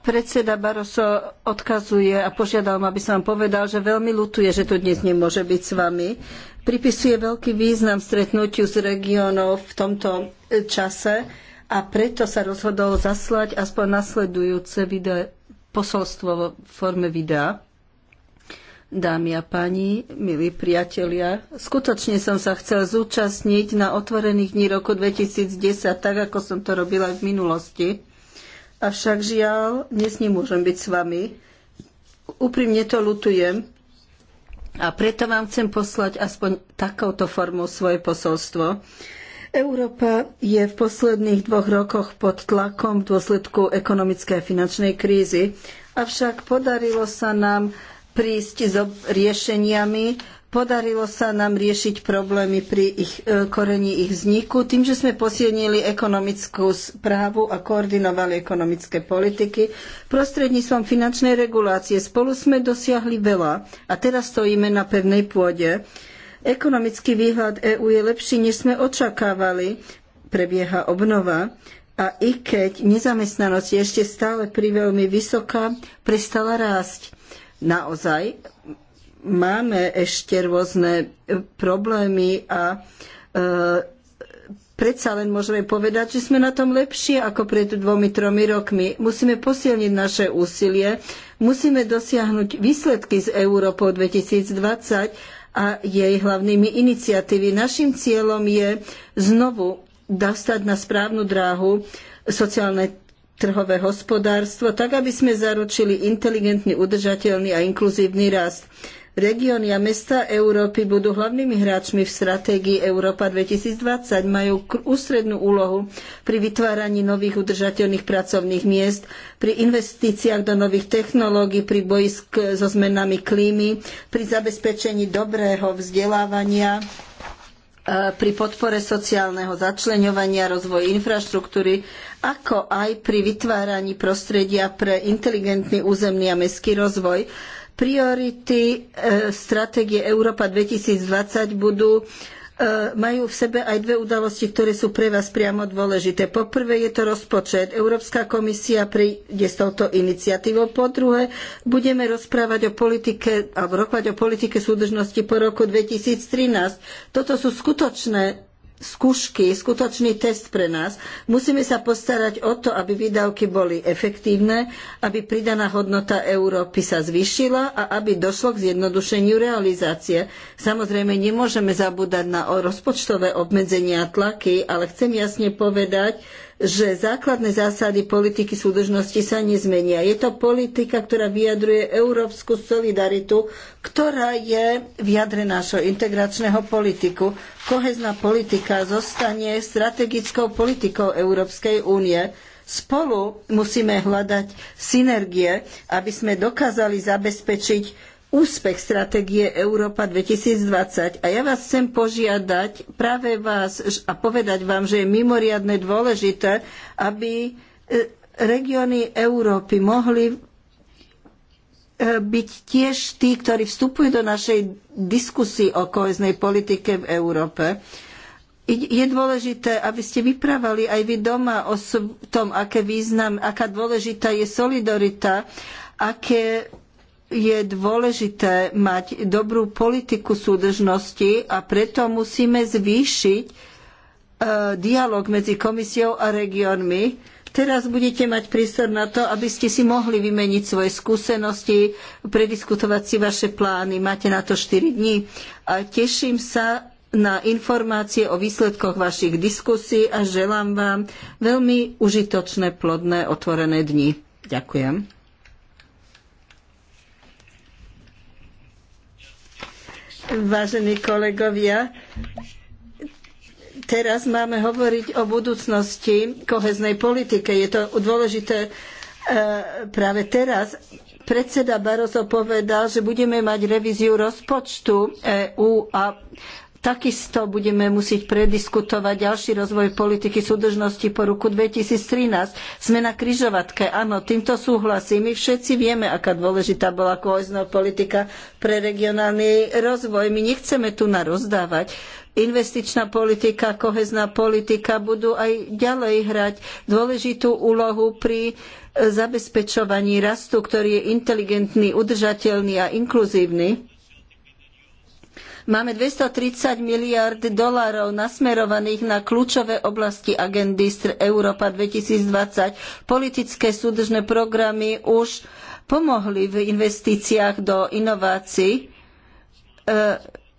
Predseda Barroso odkazuje a požiadal ma, aby som vám povedal, že veľmi lutuje, že tu dnes nemôže byť s vami. Pripisuje veľký význam stretnutiu s regiónov v tomto e, čase a preto sa rozhodol zaslať aspoň nasledujúce video, posolstvo v forme videa. Dámy a páni, milí priatelia, skutočne som sa chcel zúčastniť na otvorených dní roku 2010, tak ako som to robila v minulosti. Avšak žiaľ, dnes nemôžem byť s vami. Úprimne to lutujem. A preto vám chcem poslať aspoň takouto formou svoje posolstvo. Európa je v posledných dvoch rokoch pod tlakom v dôsledku ekonomickej a finančnej krízy, avšak podarilo sa nám prísť s riešeniami. Podarilo sa nám riešiť problémy pri ich, e, korení ich vzniku tým, že sme posilnili ekonomickú správu a koordinovali ekonomické politiky. Prostredníctvom finančnej regulácie spolu sme dosiahli veľa a teraz stojíme na pevnej pôde. Ekonomický výhľad EÚ je lepší, než sme očakávali. Prebieha obnova. A i keď nezamestnanosť je ešte stále veľmi vysoká, prestala rásť naozaj máme ešte rôzne e, problémy a e, predsa len môžeme povedať, že sme na tom lepšie ako pred dvomi, tromi rokmi. Musíme posilniť naše úsilie, musíme dosiahnuť výsledky z Európou 2020 a jej hlavnými iniciatívy. Naším cieľom je znovu dostať na správnu dráhu sociálne trhové hospodárstvo, tak aby sme zaručili inteligentný, udržateľný a inkluzívny rast. Regióny a mestá Európy budú hlavnými hráčmi v stratégii Európa 2020, majú ústrednú úlohu pri vytváraní nových udržateľných pracovných miest, pri investíciách do nových technológií, pri boji so zmenami klímy, pri zabezpečení dobrého vzdelávania Eh, pri podpore sociálneho začleňovania, rozvoji infraštruktúry, ako aj pri vytváraní prostredia pre inteligentný územný a mestský rozvoj. Priority eh, stratégie Európa 2020 budú E, majú v sebe aj dve udalosti, ktoré sú pre vás priamo dôležité. Po prvé je to rozpočet. Európska komisia príde s touto iniciatívou. Po druhé, budeme rozprávať o politike, alebo rokovať o politike súdržnosti po roku 2013. Toto sú skutočné skúšky, skutočný test pre nás. Musíme sa postarať o to, aby výdavky boli efektívne, aby pridaná hodnota Európy sa zvýšila a aby došlo k zjednodušeniu realizácie. Samozrejme, nemôžeme zabúdať na rozpočtové obmedzenia a tlaky, ale chcem jasne povedať, že základné zásady politiky súdržnosti sa nezmenia. Je to politika, ktorá vyjadruje európsku solidaritu, ktorá je v jadre nášho integračného politiku. Kohezná politika zostane strategickou politikou Európskej únie. Spolu musíme hľadať synergie, aby sme dokázali zabezpečiť úspech stratégie Európa 2020. A ja vás chcem požiadať, práve vás a povedať vám, že je mimoriadne dôležité, aby e, regióny Európy mohli e, byť tiež tí, ktorí vstupujú do našej diskusie o koheznej politike v Európe. Je dôležité, aby ste vyprávali aj vy doma o tom, aké význam, aká dôležitá je solidarita, aké je dôležité mať dobrú politiku súdržnosti a preto musíme zvýšiť e, dialog medzi komisiou a regiónmi. Teraz budete mať prístor na to, aby ste si mohli vymeniť svoje skúsenosti, prediskutovať si vaše plány. Máte na to 4 dní. A teším sa na informácie o výsledkoch vašich diskusí a želám vám veľmi užitočné, plodné, otvorené dni. Ďakujem. Vážení kolegovia, teraz máme hovoriť o budúcnosti koheznej politike. Je to dôležité e, práve teraz. Predseda Barroso povedal, že budeme mať revíziu rozpočtu EÚ a Takisto budeme musieť prediskutovať ďalší rozvoj politiky súdržnosti po roku 2013. Sme na kryžovatke, áno, týmto súhlasím. My všetci vieme, aká dôležitá bola kohezná politika pre regionálny rozvoj. My nechceme tu na rozdávať. Investičná politika, kohezná politika budú aj ďalej hrať dôležitú úlohu pri zabezpečovaní rastu, ktorý je inteligentný, udržateľný a inkluzívny Máme 230 miliard dolárov nasmerovaných na kľúčové oblasti agendy Európa 2020. Politické súdržné programy už pomohli v investíciách do inovácií e,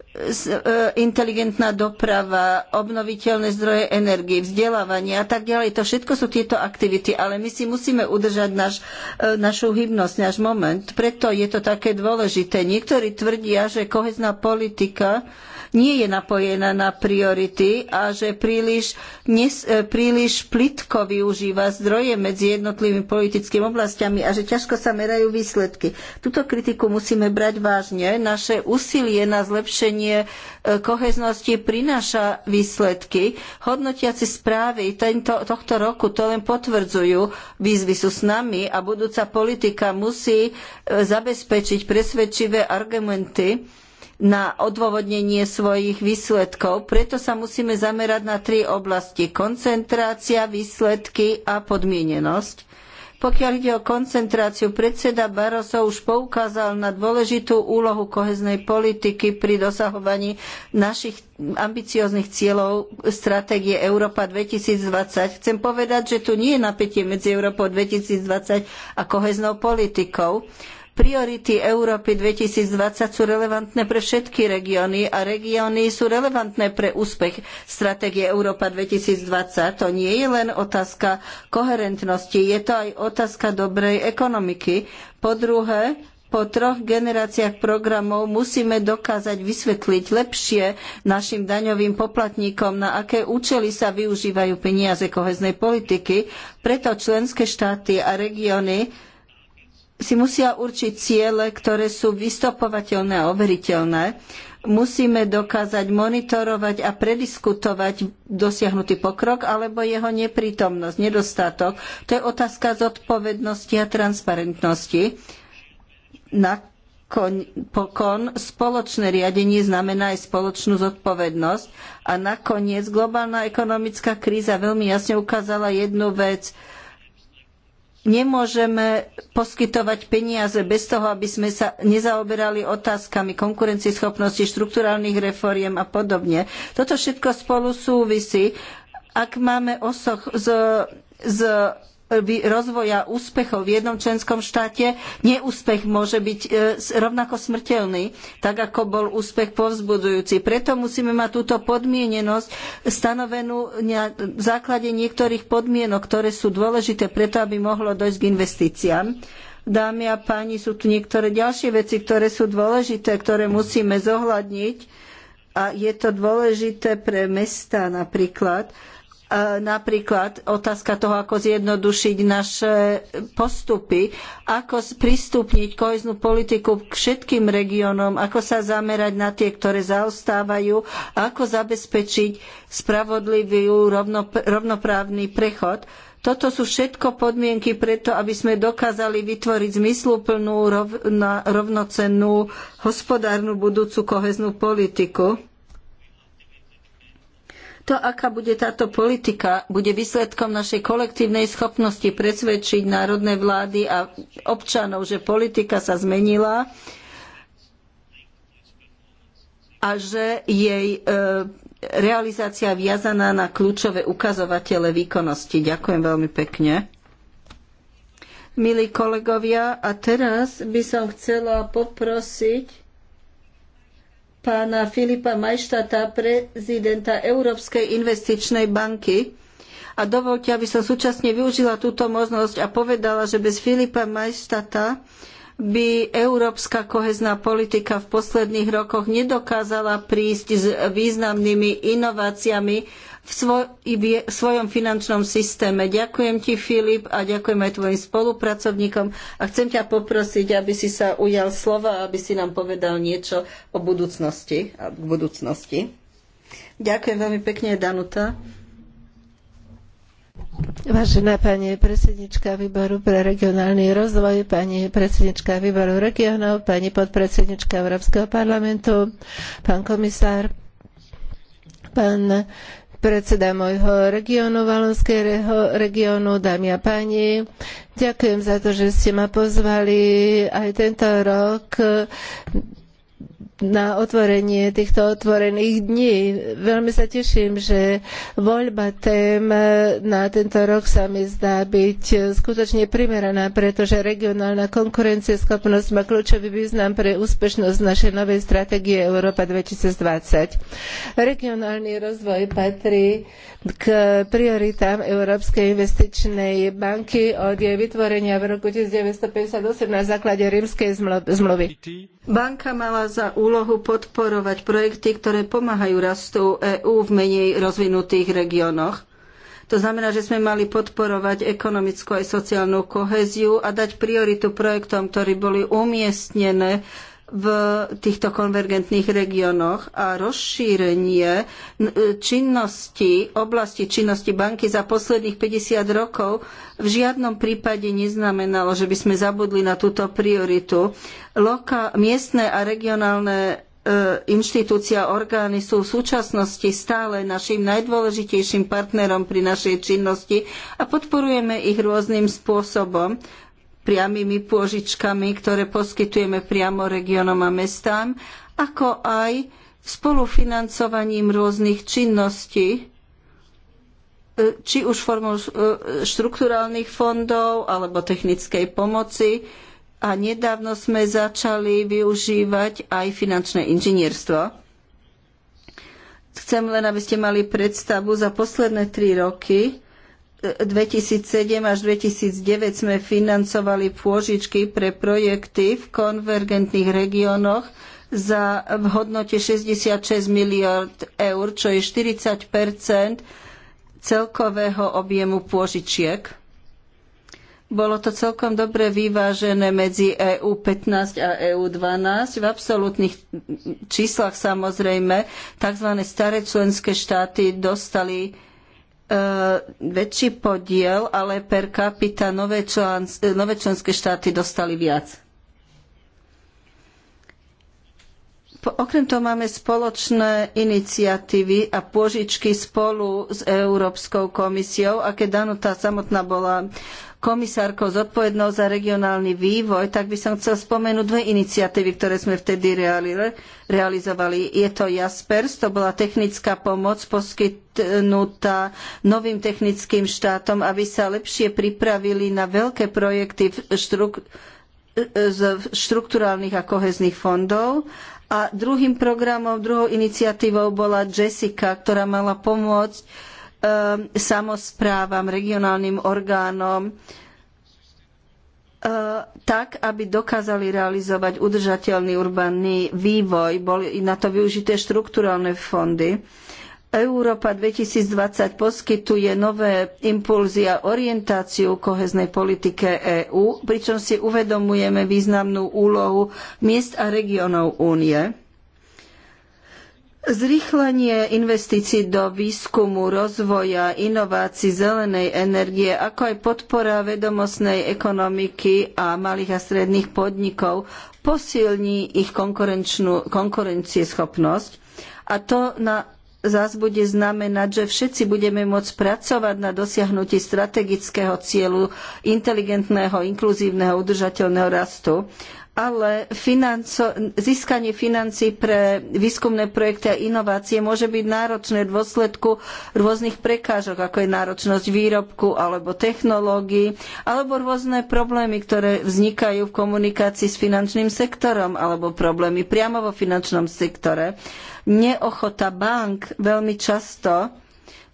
E, inteligentná doprava, obnoviteľné zdroje energie, vzdelávanie a tak ďalej. To všetko sú tieto aktivity, ale my si musíme udržať naš, e, našu hybnosť, náš moment. Preto je to také dôležité. Niektorí tvrdia, že kohezná politika nie je napojená na priority a že príliš, nes, e, príliš plitko využíva zdroje medzi jednotlivými politickými oblastiami a že ťažko sa merajú výsledky. Túto kritiku musíme brať vážne. Naše úsilie na zlepšenie posilnenie e, koheznosti prináša výsledky. Hodnotiaci správy tento, tohto roku to len potvrdzujú. Výzvy sú s nami a budúca politika musí e, zabezpečiť presvedčivé argumenty na odôvodnenie svojich výsledkov. Preto sa musíme zamerať na tri oblasti. Koncentrácia, výsledky a podmienenosť pokiaľ ide o koncentráciu, predseda Barroso už poukázal na dôležitú úlohu koheznej politiky pri dosahovaní našich ambicióznych cieľov stratégie Európa 2020. Chcem povedať, že tu nie je napätie medzi Európou 2020 a koheznou politikou. Priority Európy 2020 sú relevantné pre všetky regióny a regióny sú relevantné pre úspech stratégie Európa 2020. To nie je len otázka koherentnosti, je to aj otázka dobrej ekonomiky. Po druhé, po troch generáciách programov musíme dokázať vysvetliť lepšie našim daňovým poplatníkom, na aké účely sa využívajú peniaze koheznej politiky. Preto členské štáty a regióny si musia určiť ciele, ktoré sú vystopovateľné a overiteľné. Musíme dokázať monitorovať a prediskutovať dosiahnutý pokrok alebo jeho neprítomnosť, nedostatok. To je otázka zodpovednosti a transparentnosti. Napokon spoločné riadenie znamená aj spoločnú zodpovednosť. A nakoniec globálna ekonomická kríza veľmi jasne ukázala jednu vec nemôžeme poskytovať peniaze bez toho, aby sme sa nezaoberali otázkami konkurencieschopnosti, štrukturálnych reforiem a podobne. Toto všetko spolu súvisí. Ak máme osoch z, z rozvoja úspechov v jednom členskom štáte, neúspech môže byť e, rovnako smrteľný, tak ako bol úspech povzbudujúci. Preto musíme mať túto podmienenosť stanovenú na základe niektorých podmienok, ktoré sú dôležité preto, aby mohlo dojsť k investíciám. Dámy a páni, sú tu niektoré ďalšie veci, ktoré sú dôležité, ktoré musíme zohľadniť a je to dôležité pre mestá napríklad E, napríklad otázka toho, ako zjednodušiť naše postupy, ako sprístupniť koheznú politiku k všetkým regiónom, ako sa zamerať na tie, ktoré zaostávajú, ako zabezpečiť spravodlivý rovnoprávny prechod. Toto sú všetko podmienky preto, aby sme dokázali vytvoriť zmysluplnú, rovnocennú, hospodárnu budúcu koheznú politiku. To, aká bude táto politika, bude výsledkom našej kolektívnej schopnosti presvedčiť národné vlády a občanov, že politika sa zmenila a že jej e, realizácia viazaná na kľúčové ukazovatele výkonnosti. Ďakujem veľmi pekne. Milí kolegovia, a teraz by som chcela poprosiť pána Filipa Majštata, prezidenta Európskej investičnej banky. A dovolte, aby som súčasne využila túto možnosť a povedala, že bez Filipa Majštata by európska kohezná politika v posledných rokoch nedokázala prísť s významnými inováciami v, svoj, v svojom finančnom systéme. Ďakujem ti, Filip, a ďakujem aj tvojim spolupracovníkom a chcem ťa poprosiť, aby si sa ujal slova, aby si nám povedal niečo o budúcnosti. budúcnosti. Ďakujem veľmi pekne, Danuta. Vážená pani predsednička výboru pre regionálny rozvoj, pani predsednička výboru regionov, pani podpredsednička Európskeho parlamentu, pán komisár, pán predseda môjho regionu, Valonského Regionu, dámy a páni. Ďakujem za to, že ste ma pozvali aj tento rok na otvorenie týchto otvorených dní. Veľmi sa teším, že voľba tém na tento rok sa mi zdá byť skutočne primeraná, pretože regionálna konkurencieschopnosť má kľúčový význam pre úspešnosť našej novej stratégie Európa 2020. Regionálny rozvoj patrí k prioritám Európskej investičnej banky od jej vytvorenia v roku 1958 na základe rímskej zmluvy. Banka mala za úlohu podporovať projekty, ktoré pomáhajú rastu EÚ v menej rozvinutých regiónoch. To znamená, že sme mali podporovať ekonomickú aj sociálnu kohéziu a dať prioritu projektom, ktorí boli umiestnené v týchto konvergentných regiónoch a rozšírenie činnosti, oblasti činnosti banky za posledných 50 rokov v žiadnom prípade neznamenalo, že by sme zabudli na túto prioritu. Loka, miestne a regionálne e, inštitúcia a orgány sú v súčasnosti stále našim najdôležitejším partnerom pri našej činnosti a podporujeme ich rôznym spôsobom priamými pôžičkami, ktoré poskytujeme priamo regiónom a mestám, ako aj spolufinancovaním rôznych činností, e, či už formou e, štrukturálnych fondov alebo technickej pomoci. A nedávno sme začali využívať aj finančné inžinierstvo. Chcem len, aby ste mali predstavu, za posledné tri roky 2007 až 2009 sme financovali pôžičky pre projekty v konvergentných regiónoch za v hodnote 66 miliard eur, čo je 40 celkového objemu pôžičiek. Bolo to celkom dobre vyvážené medzi EU 15 a EU 12. V absolútnych číslach samozrejme tzv. staré členské štáty dostali E, väčší podiel, ale per capita nové, e, nové členské štáty dostali viac. Okrem toho máme spoločné iniciatívy a pôžičky spolu s Európskou komisiou a keď Danuta samotná bola komisárkou zodpovednou za regionálny vývoj, tak by som chcel spomenúť dve iniciatívy, ktoré sme vtedy realizovali. Je to Jaspers, to bola technická pomoc poskytnutá novým technickým štátom, aby sa lepšie pripravili na veľké projekty zo z štrukturálnych a kohezných fondov. A druhým programom, druhou iniciatívou bola Jessica, ktorá mala pomôcť Ehm, samosprávam, regionálnym orgánom, ehm, tak, aby dokázali realizovať udržateľný urbaný vývoj. Boli na to využité štrukturálne fondy. Európa 2020 poskytuje nové impulzy a orientáciu koheznej politike EÚ, pričom si uvedomujeme významnú úlohu miest a regiónov únie Zrýchlenie investícií do výskumu, rozvoja, inovácií, zelenej energie, ako aj podpora vedomostnej ekonomiky a malých a stredných podnikov posilní ich konkurencieschopnosť a to na zás bude znamenať, že všetci budeme môcť pracovať na dosiahnutí strategického cieľu inteligentného, inkluzívneho, udržateľného rastu ale financo, získanie financií pre výskumné projekty a inovácie môže byť náročné v dôsledku rôznych prekážok, ako je náročnosť výrobku alebo technológií, alebo rôzne problémy, ktoré vznikajú v komunikácii s finančným sektorom alebo problémy priamo vo finančnom sektore. Neochota bank veľmi často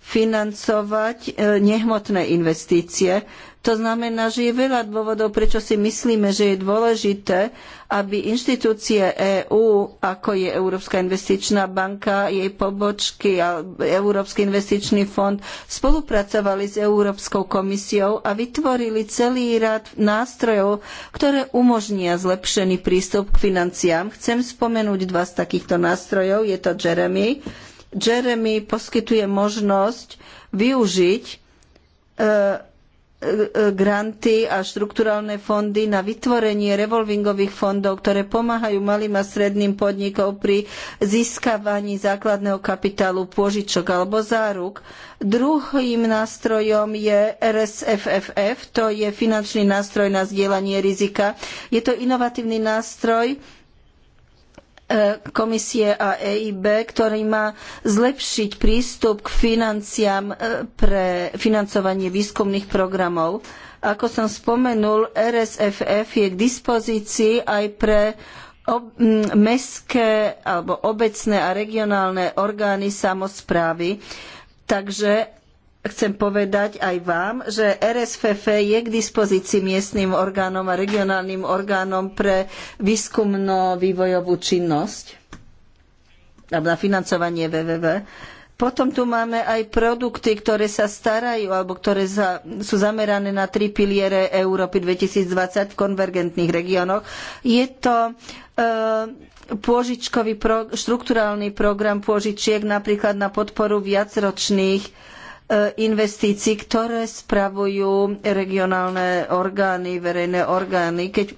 financovať eh, nehmotné investície, to znamená, že je veľa dôvodov, prečo si myslíme, že je dôležité, aby inštitúcie EÚ, ako je Európska investičná banka, jej pobočky a Európsky investičný fond, spolupracovali s Európskou komisiou a vytvorili celý rad nástrojov, ktoré umožnia zlepšený prístup k financiám. Chcem spomenúť dva z takýchto nástrojov. Je to Jeremy. Jeremy poskytuje možnosť využiť e, granty a štrukturálne fondy na vytvorenie revolvingových fondov, ktoré pomáhajú malým a stredným podnikom pri získavaní základného kapitálu pôžičok alebo záruk. Druhým nástrojom je RSFFF, to je finančný nástroj na zdieľanie rizika. Je to inovatívny nástroj, E, komisie a EIB, ktorý má zlepšiť prístup k financiám e, pre financovanie výskumných programov. Ako som spomenul, RSFF je k dispozícii aj pre mestské alebo obecné a regionálne orgány samosprávy. Takže chcem povedať aj vám, že RSFF je k dispozícii miestnym orgánom a regionálnym orgánom pre výskumno-vývojovú činnosť alebo na financovanie VVV. Potom tu máme aj produkty, ktoré sa starajú alebo ktoré za, sú zamerané na tri piliere Európy 2020 v konvergentných regiónoch. Je to e pôžičkový pro, štrukturálny program pôžičiek napríklad na podporu viacročných E, investícií, ktoré spravujú regionálne orgány, verejné orgány. Keď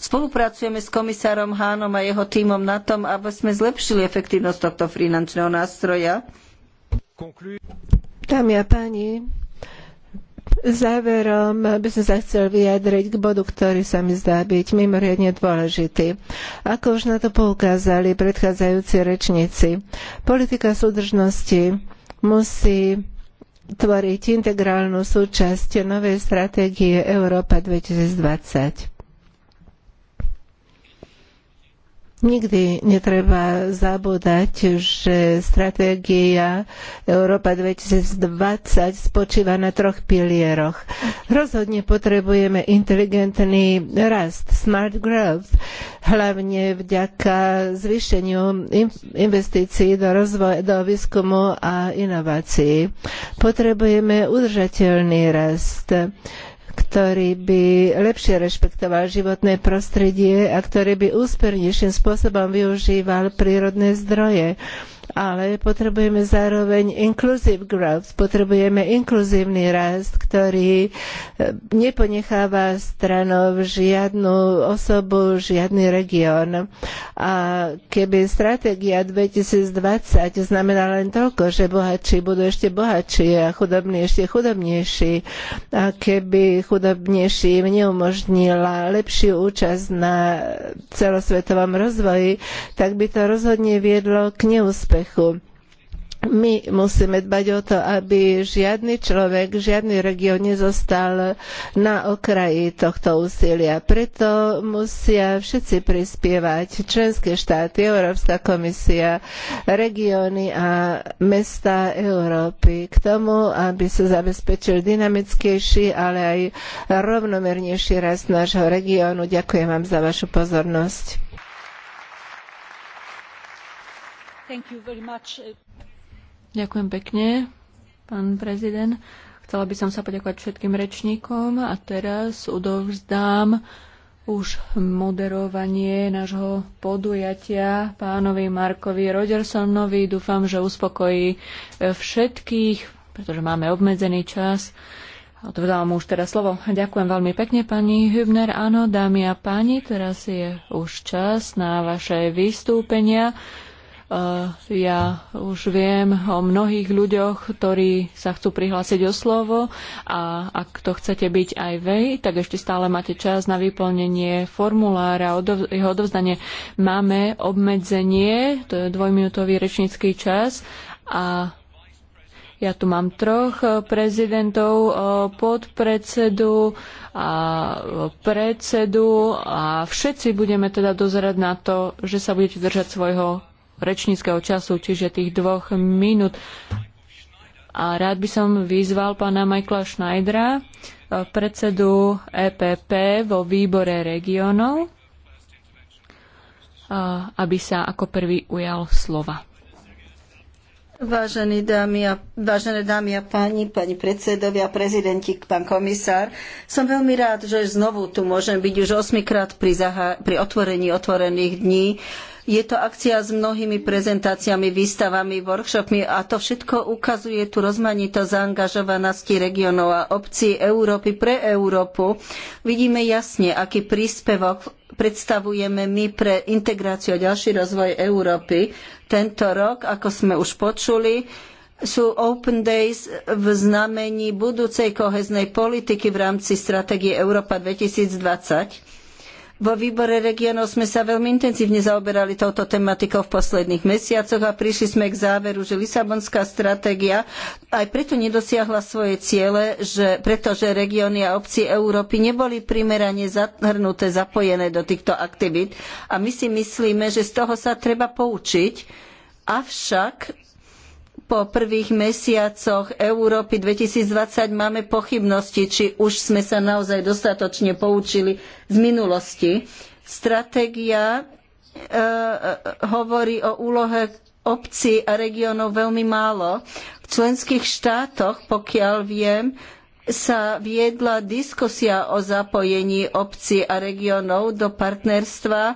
spolupracujeme s komisárom Hánom a jeho tímom na tom, aby sme zlepšili efektívnosť tohto finančného nástroja. Dámy a páni, záverom by som sa chcel vyjadriť k bodu, ktorý sa mi zdá byť mimoriadne dôležitý. Ako už na to poukázali predchádzajúci rečníci, politika súdržnosti musí tvoriť integrálnu súčasť novej stratégie Európa 2020. Nikdy netreba zabúdať, že stratégia Európa 2020 spočíva na troch pilieroch. Rozhodne potrebujeme inteligentný rast, smart growth, hlavne vďaka zvýšeniu investícií do, rozvoja, do výskumu a inovácií. Potrebujeme udržateľný rast ktorý by lepšie rešpektoval životné prostredie a ktorý by úspernejším spôsobom využíval prírodné zdroje. Uh, ale potrebujeme zároveň inclusive growth, potrebujeme inkluzívny rast, ktorý e, neponecháva stranou žiadnu osobu, žiadny región. A keby stratégia 2020 znamená len toľko, že bohatší budú ešte bohatší a chudobní ešte chudobnejší, a keby chudobnejší im neumožnila lepšiu účasť na celosvetovom rozvoji, tak by to rozhodne viedlo k neúspechu úspechu. My musíme dbať o to, aby žiadny človek, žiadny región nezostal na okraji tohto úsilia. Preto musia všetci prispievať, členské štáty, Európska komisia, regióny a mestá Európy k tomu, aby sa zabezpečil dynamickejší, ale aj rovnomernejší rast nášho regiónu. Ďakujem vám za vašu pozornosť. Ďakujem pekne, pán prezident. Chcela by som sa poďakovať všetkým rečníkom a teraz odovzdám už moderovanie nášho podujatia pánovi Markovi Rogersonovi. Dúfam, že uspokojí e, všetkých, pretože máme obmedzený čas. Odvedala mu už teraz slovo. Ďakujem veľmi pekne, pani Hübner. Áno, dámy a páni, teraz je už čas na vaše vystúpenia. Eh, ja už viem o mnohých ľuďoch, ktorí sa chcú prihlásiť o slovo a ak to chcete byť aj vej, tak ešte stále máte čas na vyplnenie formulára, odov- jeho odovzdanie. Máme obmedzenie, to je dvojminútový rečnícky čas a ja tu mám troch prezidentov, eh, podpredsedu a predsedu a všetci budeme teda dozerať na to, že sa budete držať svojho rečníckého času, čiže tých dvoch minút. A rád by som vyzval pána Michaela Schneidera, e, predsedu EPP vo výbore regionov, e, aby sa ako prvý ujal slova. Vážené dámy, a, vážené dámy a páni, pani predsedovia, prezidenti, pán komisár, som veľmi rád, že znovu tu môžem byť už osmikrát pri, pri otvorení otvorených dní je to akcia s mnohými prezentáciami, výstavami, workshopmi a to všetko ukazuje tú rozmanitosť zaangažovanosti regionov a obcí Európy pre Európu. Vidíme jasne, aký príspevok predstavujeme my pre integráciu a ďalší rozvoj Európy. Tento rok, ako sme už počuli, sú Open Days v znamení budúcej koheznej politiky v rámci stratégie Európa 2020 vo výbore regionov sme sa veľmi intenzívne zaoberali touto tematikou v posledných mesiacoch a prišli sme k záveru, že Lisabonská stratégia aj preto nedosiahla svoje ciele, že, pretože regióny a obci Európy neboli primerane zahrnuté, zapojené do týchto aktivít. A my si myslíme, že z toho sa treba poučiť. Avšak po prvých mesiacoch Európy 2020 máme pochybnosti, či už sme sa naozaj dostatočne poučili z minulosti. Stratégia e, e, hovorí o úlohe obcí a regiónov veľmi málo. V členských štátoch, pokiaľ viem, sa viedla diskusia o zapojení obcí a regiónov do partnerstva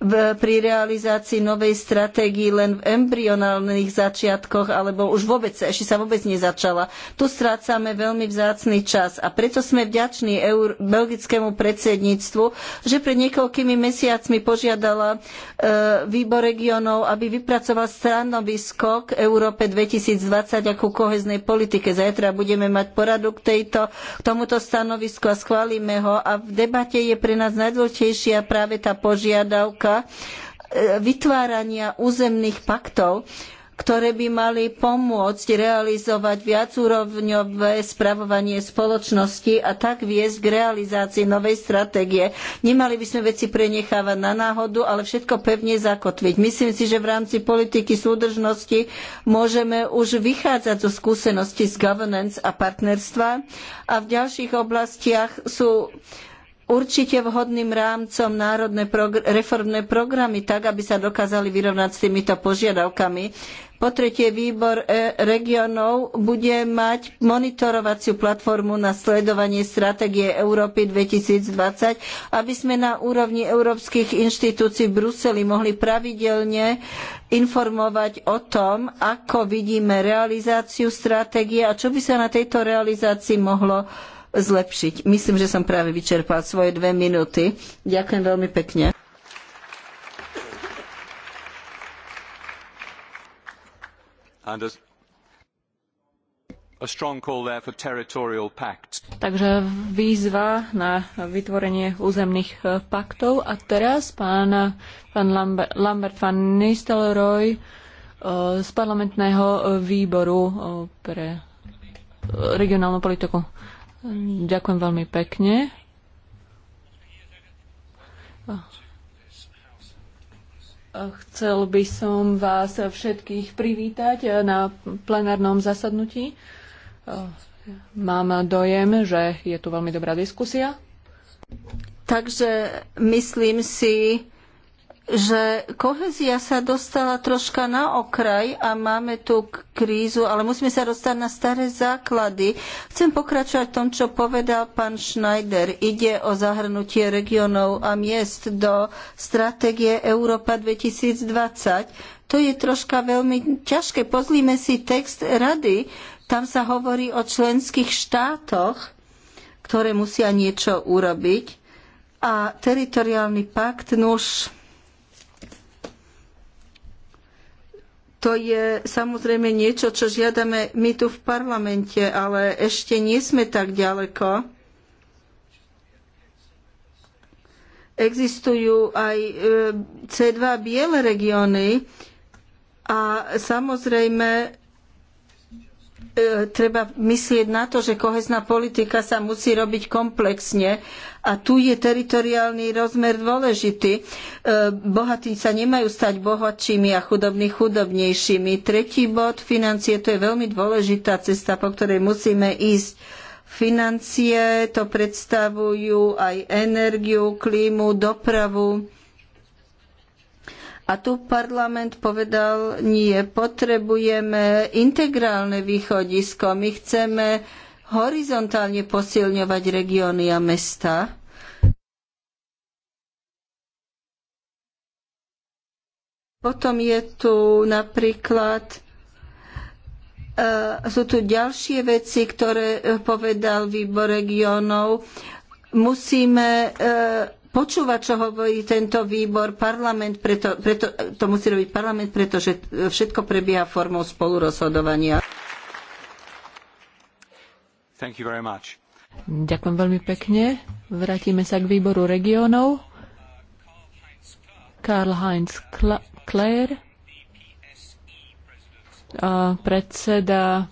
v, pri realizácii novej stratégii len v embryonálnych začiatkoch, alebo už vôbec, ešte sa vôbec nezačala. Tu strácame veľmi vzácny čas a preto sme vďační Eur, belgickému predsedníctvu, že pred niekoľkými mesiacmi požiadala e, výbor regionov, aby vypracoval stanovisko k Európe 2020 a ku koheznej politike. Zajtra budeme mať poradu k, tejto, k tomuto stanovisku a schválime ho a v debate je pre nás najdôležitejšia práve tá požiadavka otázka e, vytvárania územných paktov, ktoré by mali pomôcť realizovať viacúrovňové spravovanie spoločnosti a tak viesť k realizácii novej stratégie. Nemali by sme veci prenechávať na náhodu, ale všetko pevne zakotviť. Myslím si, že v rámci politiky súdržnosti môžeme už vychádzať zo skúseností z governance a partnerstva a v ďalších oblastiach sú určite vhodným rámcom národné progr reformné programy, tak aby sa dokázali vyrovnať s týmito požiadavkami. Po tretie, výbor e, regiónov bude mať monitorovaciu platformu na sledovanie stratégie Európy 2020, aby sme na úrovni európskych inštitúcií v Bruseli mohli pravidelne informovať o tom, ako vidíme realizáciu stratégie a čo by sa na tejto realizácii mohlo zlepšiť. Myslím, že som práve vyčerpal svoje dve minúty. Ďakujem veľmi pekne. Takže výzva na vytvorenie územných eh, paktov. A teraz pán, pán Lambert van Nistelrooy eh, z parlamentného eh, výboru pre regionálnu politiku. Ďakujem veľmi pekne. Chcel by som vás všetkých privítať na plenárnom zasadnutí. Mám dojem, že je tu veľmi dobrá diskusia. Takže myslím si, že kohezia sa dostala troška na okraj a máme tu krízu, ale musíme sa dostať na staré základy. Chcem pokračovať v tom, čo povedal pán Schneider. Ide o zahrnutie regionov a miest do stratégie Európa 2020. To je troška veľmi ťažké. Pozlíme si text rady. Tam sa hovorí o členských štátoch, ktoré musia niečo urobiť. A teritoriálny pakt, nuž, To je samozrejme niečo, čo žiadame my tu v parlamente, ale ešte nie sme tak ďaleko. Existujú aj e, C2 biele regióny a samozrejme E, treba myslieť na to, že kohezná politika sa musí robiť komplexne a tu je teritoriálny rozmer dôležitý. E, bohatí sa nemajú stať bohatšími a chudobní chudobnejšími. Tretí bod, financie, to je veľmi dôležitá cesta, po ktorej musíme ísť. Financie to predstavujú aj energiu, klímu, dopravu a tu parlament povedal, nie, potrebujeme integrálne východisko, my chceme horizontálne posilňovať regióny a mesta. Potom je tu napríklad e, sú tu ďalšie veci, ktoré e, povedal výbor regiónov. Musíme e, počúva, čo hovorí tento výbor, parlament, preto, preto, to musí robiť parlament, pretože všetko prebieha formou spolurozhodovania. Ďakujem veľmi pekne. Vrátime sa k výboru regiónov. Karl-Heinz Kler, predseda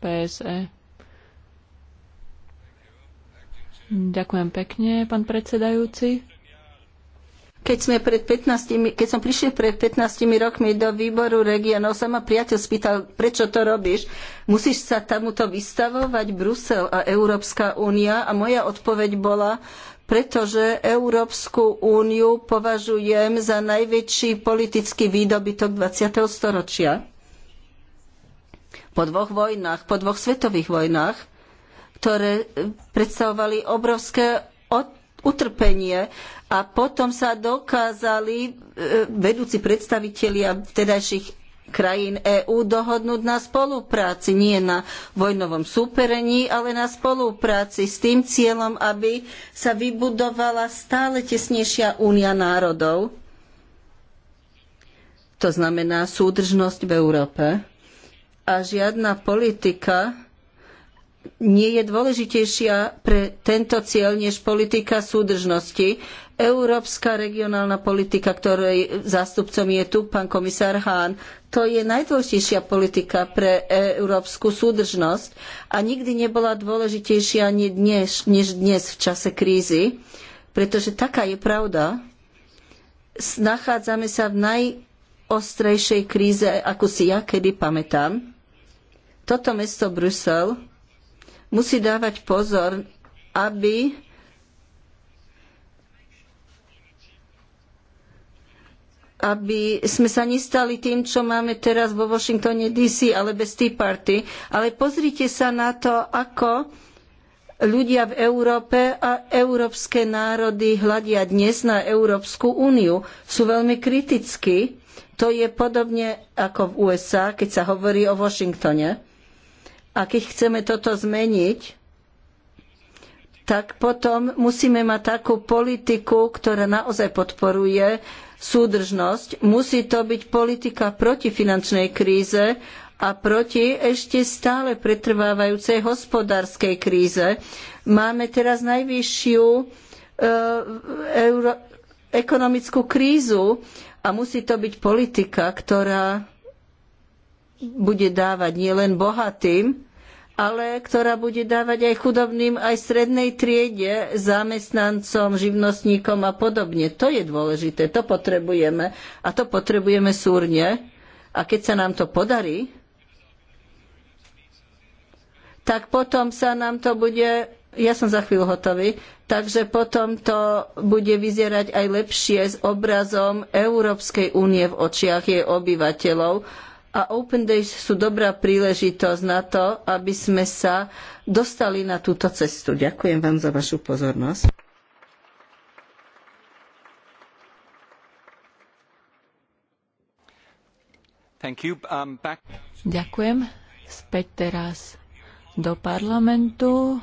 PSE Ďakujem pekne, pán predsedajúci. Keď, sme pred 15, keď som prišiel pred 15 rokmi do výboru regionov, sa ma priateľ spýtal, prečo to robíš? Musíš sa tamuto vystavovať Brusel a Európska únia? A moja odpoveď bola, pretože Európsku úniu považujem za najväčší politický výdobytok 20. storočia. Po dvoch vojnách, po dvoch svetových vojnách ktoré e, predstavovali obrovské utrpenie a potom sa dokázali e, vedúci predstavitelia vtedajších krajín EÚ dohodnúť na spolupráci, nie na vojnovom súperení, ale na spolupráci s tým cieľom, aby sa vybudovala stále tesnejšia únia národov. To znamená súdržnosť v Európe. A žiadna politika nie je dôležitejšia pre tento cieľ než politika súdržnosti. Európska regionálna politika, ktorej zástupcom je tu pán komisár Hahn, to je najdôležitejšia politika pre európsku súdržnosť a nikdy nebola dôležitejšia ani dnes, než dnes v čase krízy, pretože taká je pravda. Nachádzame sa v najostrejšej kríze, akú si ja kedy pamätám. Toto mesto Brusel musí dávať pozor, aby aby sme sa nestali tým, čo máme teraz vo Washingtone DC, ale bez Tea Party. Ale pozrite sa na to, ako ľudia v Európe a európske národy hľadia dnes na Európsku úniu. Sú veľmi kritickí. To je podobne ako v USA, keď sa hovorí o Washingtone a keď chceme toto zmeniť, tak potom musíme mať takú politiku, ktorá naozaj podporuje súdržnosť. Musí to byť politika proti finančnej kríze a proti ešte stále pretrvávajúcej hospodárskej kríze. Máme teraz najvyššiu e, euro, ekonomickú krízu a musí to byť politika, ktorá bude dávať nielen bohatým, ale ktorá bude dávať aj chudobným, aj strednej triede, zamestnancom, živnostníkom a podobne. To je dôležité, to potrebujeme a to potrebujeme súrne. A keď sa nám to podarí, tak potom sa nám to bude, ja som za chvíľu hotový, takže potom to bude vyzerať aj lepšie s obrazom Európskej únie v očiach jej obyvateľov, a Open Days sú dobrá príležitosť na to, aby sme sa dostali na túto cestu. Ďakujem vám za vašu pozornosť. Um, back... Ďakujem. Späť teraz do parlamentu,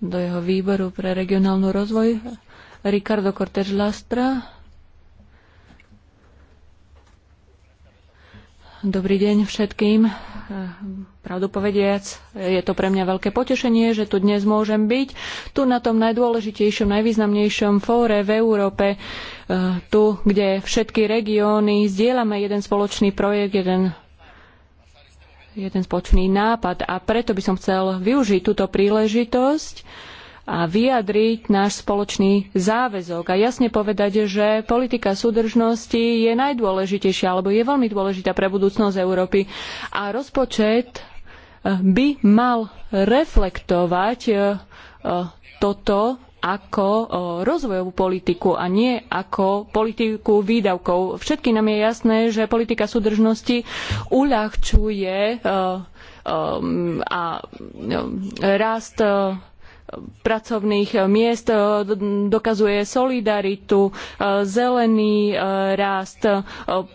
do jeho výboru pre regionálnu rozvoj. Ricardo Cortés Lastra. Dobrý deň všetkým. E, pravdu povediac, je to pre mňa veľké potešenie, že tu dnes môžem byť. Tu na tom najdôležitejšom, najvýznamnejšom fóre v Európe, e, tu, kde všetky regióny zdieľame jeden spoločný projekt, jeden jeden spoločný nápad a preto by som chcel využiť túto príležitosť a vyjadriť náš spoločný záväzok a jasne povedať, že politika súdržnosti je najdôležitejšia alebo je veľmi dôležitá pre budúcnosť Európy a rozpočet eh, by mal reflektovať eh, eh, toto ako rozvojovú politiku a nie ako politiku výdavkov. Všetky nám je jasné, že politika súdržnosti uľahčuje a rast pracovných miest, e, dokazuje solidaritu, e, zelený e, rast,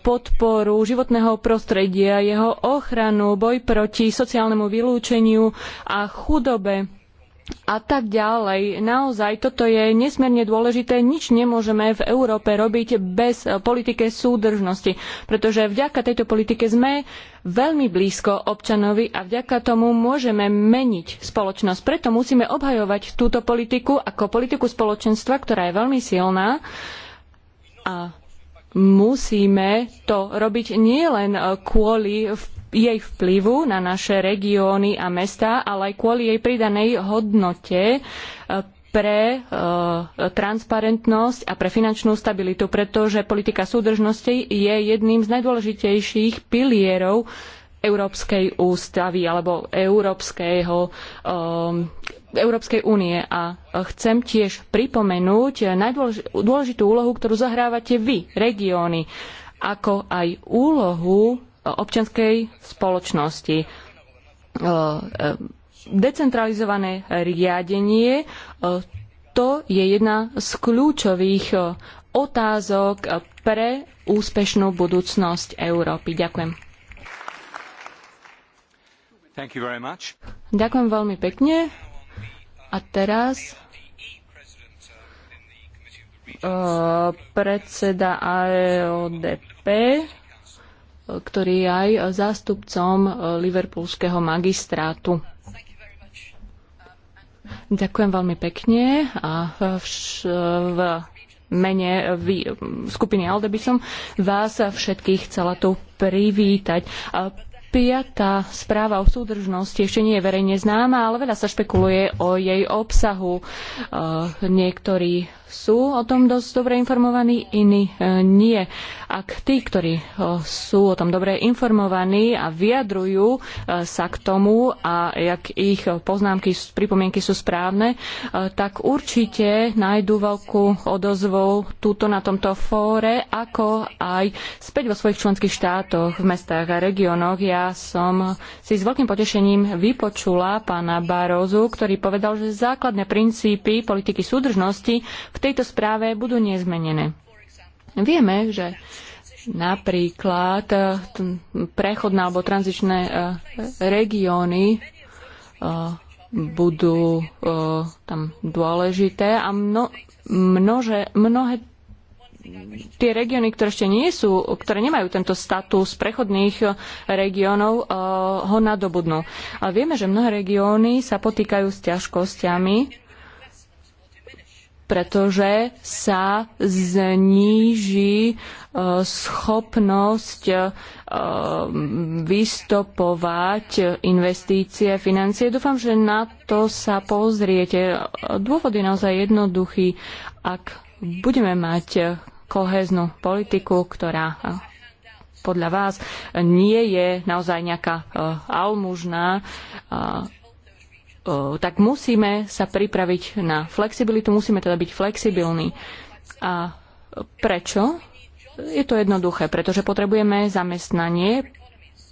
podporu životného prostredia, jeho ochranu, boj proti sociálnemu vylúčeniu a chudobe a tak ďalej. Naozaj toto je nesmierne dôležité. Nič nemôžeme v Európe robiť bez politike súdržnosti, pretože vďaka tejto politike sme veľmi blízko občanovi a vďaka tomu môžeme meniť spoločnosť. Preto musíme obhajovať túto politiku ako politiku spoločenstva, ktorá je veľmi silná a musíme to robiť nielen kvôli jej vplyvu na naše regióny a mestá, ale aj kvôli jej pridanej hodnote e, pre e, transparentnosť a pre finančnú stabilitu, pretože politika súdržnosti je jedným z najdôležitejších pilierov Európskej ústavy alebo Európskeho, e, Európskej únie. A chcem tiež pripomenúť najdôležitú úlohu, ktorú zahrávate vy, regióny, ako aj úlohu občianskej spoločnosti. E, e, decentralizované riadenie e, to je jedna z kľúčových otázok pre úspešnú budúcnosť Európy. Ďakujem. Ďakujem veľmi pekne. A teraz predseda AODP ktorý je aj zástupcom e, Liverpoolského magistrátu. Ďakujem veľmi pekne a v, v mene v skupiny Alde by som vás všetkých chcela tu privítať. Piatá správa o súdržnosti ešte nie je verejne známa, ale veľa sa špekuluje o jej obsahu. E, niektorí sú o tom dosť dobre informovaní, iní e, nie. Ak tí, ktorí e, sú o tom dobre informovaní a vyjadrujú e, sa k tomu a jak ich poznámky, pripomienky sú správne, tak určite nájdú veľkú odozvu túto na tomto fóre, ako aj späť vo svojich členských štátoch, v mestách a regiónoch. Ja som si s veľkým potešením vypočula pána Barozu, ktorý povedal, že základné princípy politiky súdržnosti v v tejto správe budú nezmenené. Vieme, že napríklad eh, prechodné alebo tranzičné eh, regióny eh, budú tam dôležité a mno, množe, mnohé tie regióny, ktoré ešte nie sú, ktoré nemajú tento status prechodných regiónov, ho nadobudnú. Ale vieme, že mnohé regióny sa potýkajú s ťažkosťami pretože sa zníži e, schopnosť e, vystopovať investície, financie. Dúfam, že na to sa pozriete. Dôvod je naozaj jednoduchý. Ak budeme mať koheznú politiku, ktorá e, podľa vás nie je naozaj nejaká almužná, tak musíme sa pripraviť na flexibilitu, musíme teda byť flexibilní. A prečo? Je to jednoduché, pretože potrebujeme zamestnanie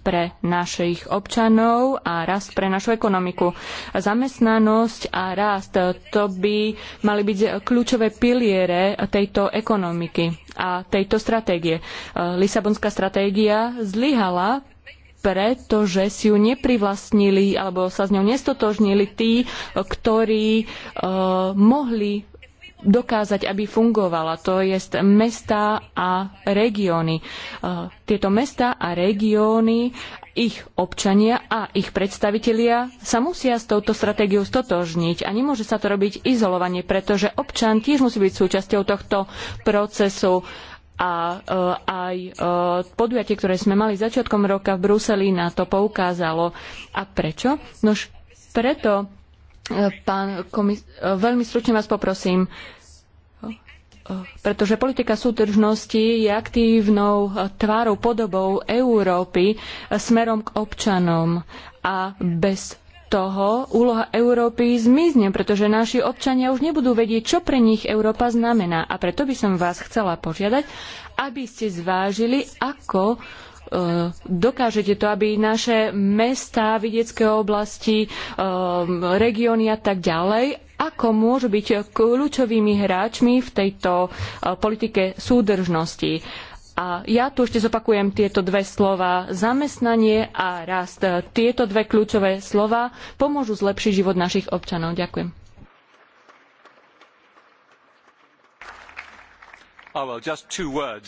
pre našich občanov a rast pre našu ekonomiku. Zamestnanosť a rast to by mali byť kľúčové piliere tejto ekonomiky a tejto stratégie. E, Lisabonská stratégia zlyhala, pretože si ju neprivlastnili alebo sa s ňou nestotožnili tí, ktorí uh, mohli dokázať, aby fungovala. To je mesta a regióny. E, tieto mesta a regióny, ich občania a ich predstavitelia sa musia s touto stratégiou stotožniť a nemôže sa to robiť izolovanie, pretože občan tiež musí byť súčasťou tohto procesu a eh, aj eh, podujatie, ktoré sme mali začiatkom roka v Bruseli, na to poukázalo. A prečo? Nož preto, eh, pán komis- veľmi stručne vás poprosím, pretože politika súdržnosti je aktívnou tvárou, podobou Európy smerom k občanom a bez toho úloha Európy zmizne, pretože naši občania už nebudú vedieť, čo pre nich Európa znamená. A preto by som vás chcela požiadať, aby ste zvážili, ako e, dokážete to, aby naše mestá, vidiecké oblasti, e, regióny a tak ďalej, ako môžu byť kľúčovými hráčmi v tejto e, politike súdržnosti. A ja tu ešte zopakujem tieto dve slova. Zamestnanie a rast. Tieto dve kľúčové slova pomôžu zlepšiť život našich občanov. Ďakujem. Oh, well,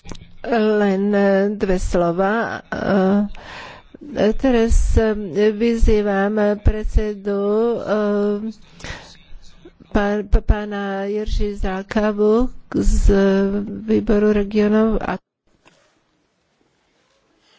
Len e, dve slova. E, teraz e, vyzývam predsedu pána Jerži Zákavu z výboru regionov.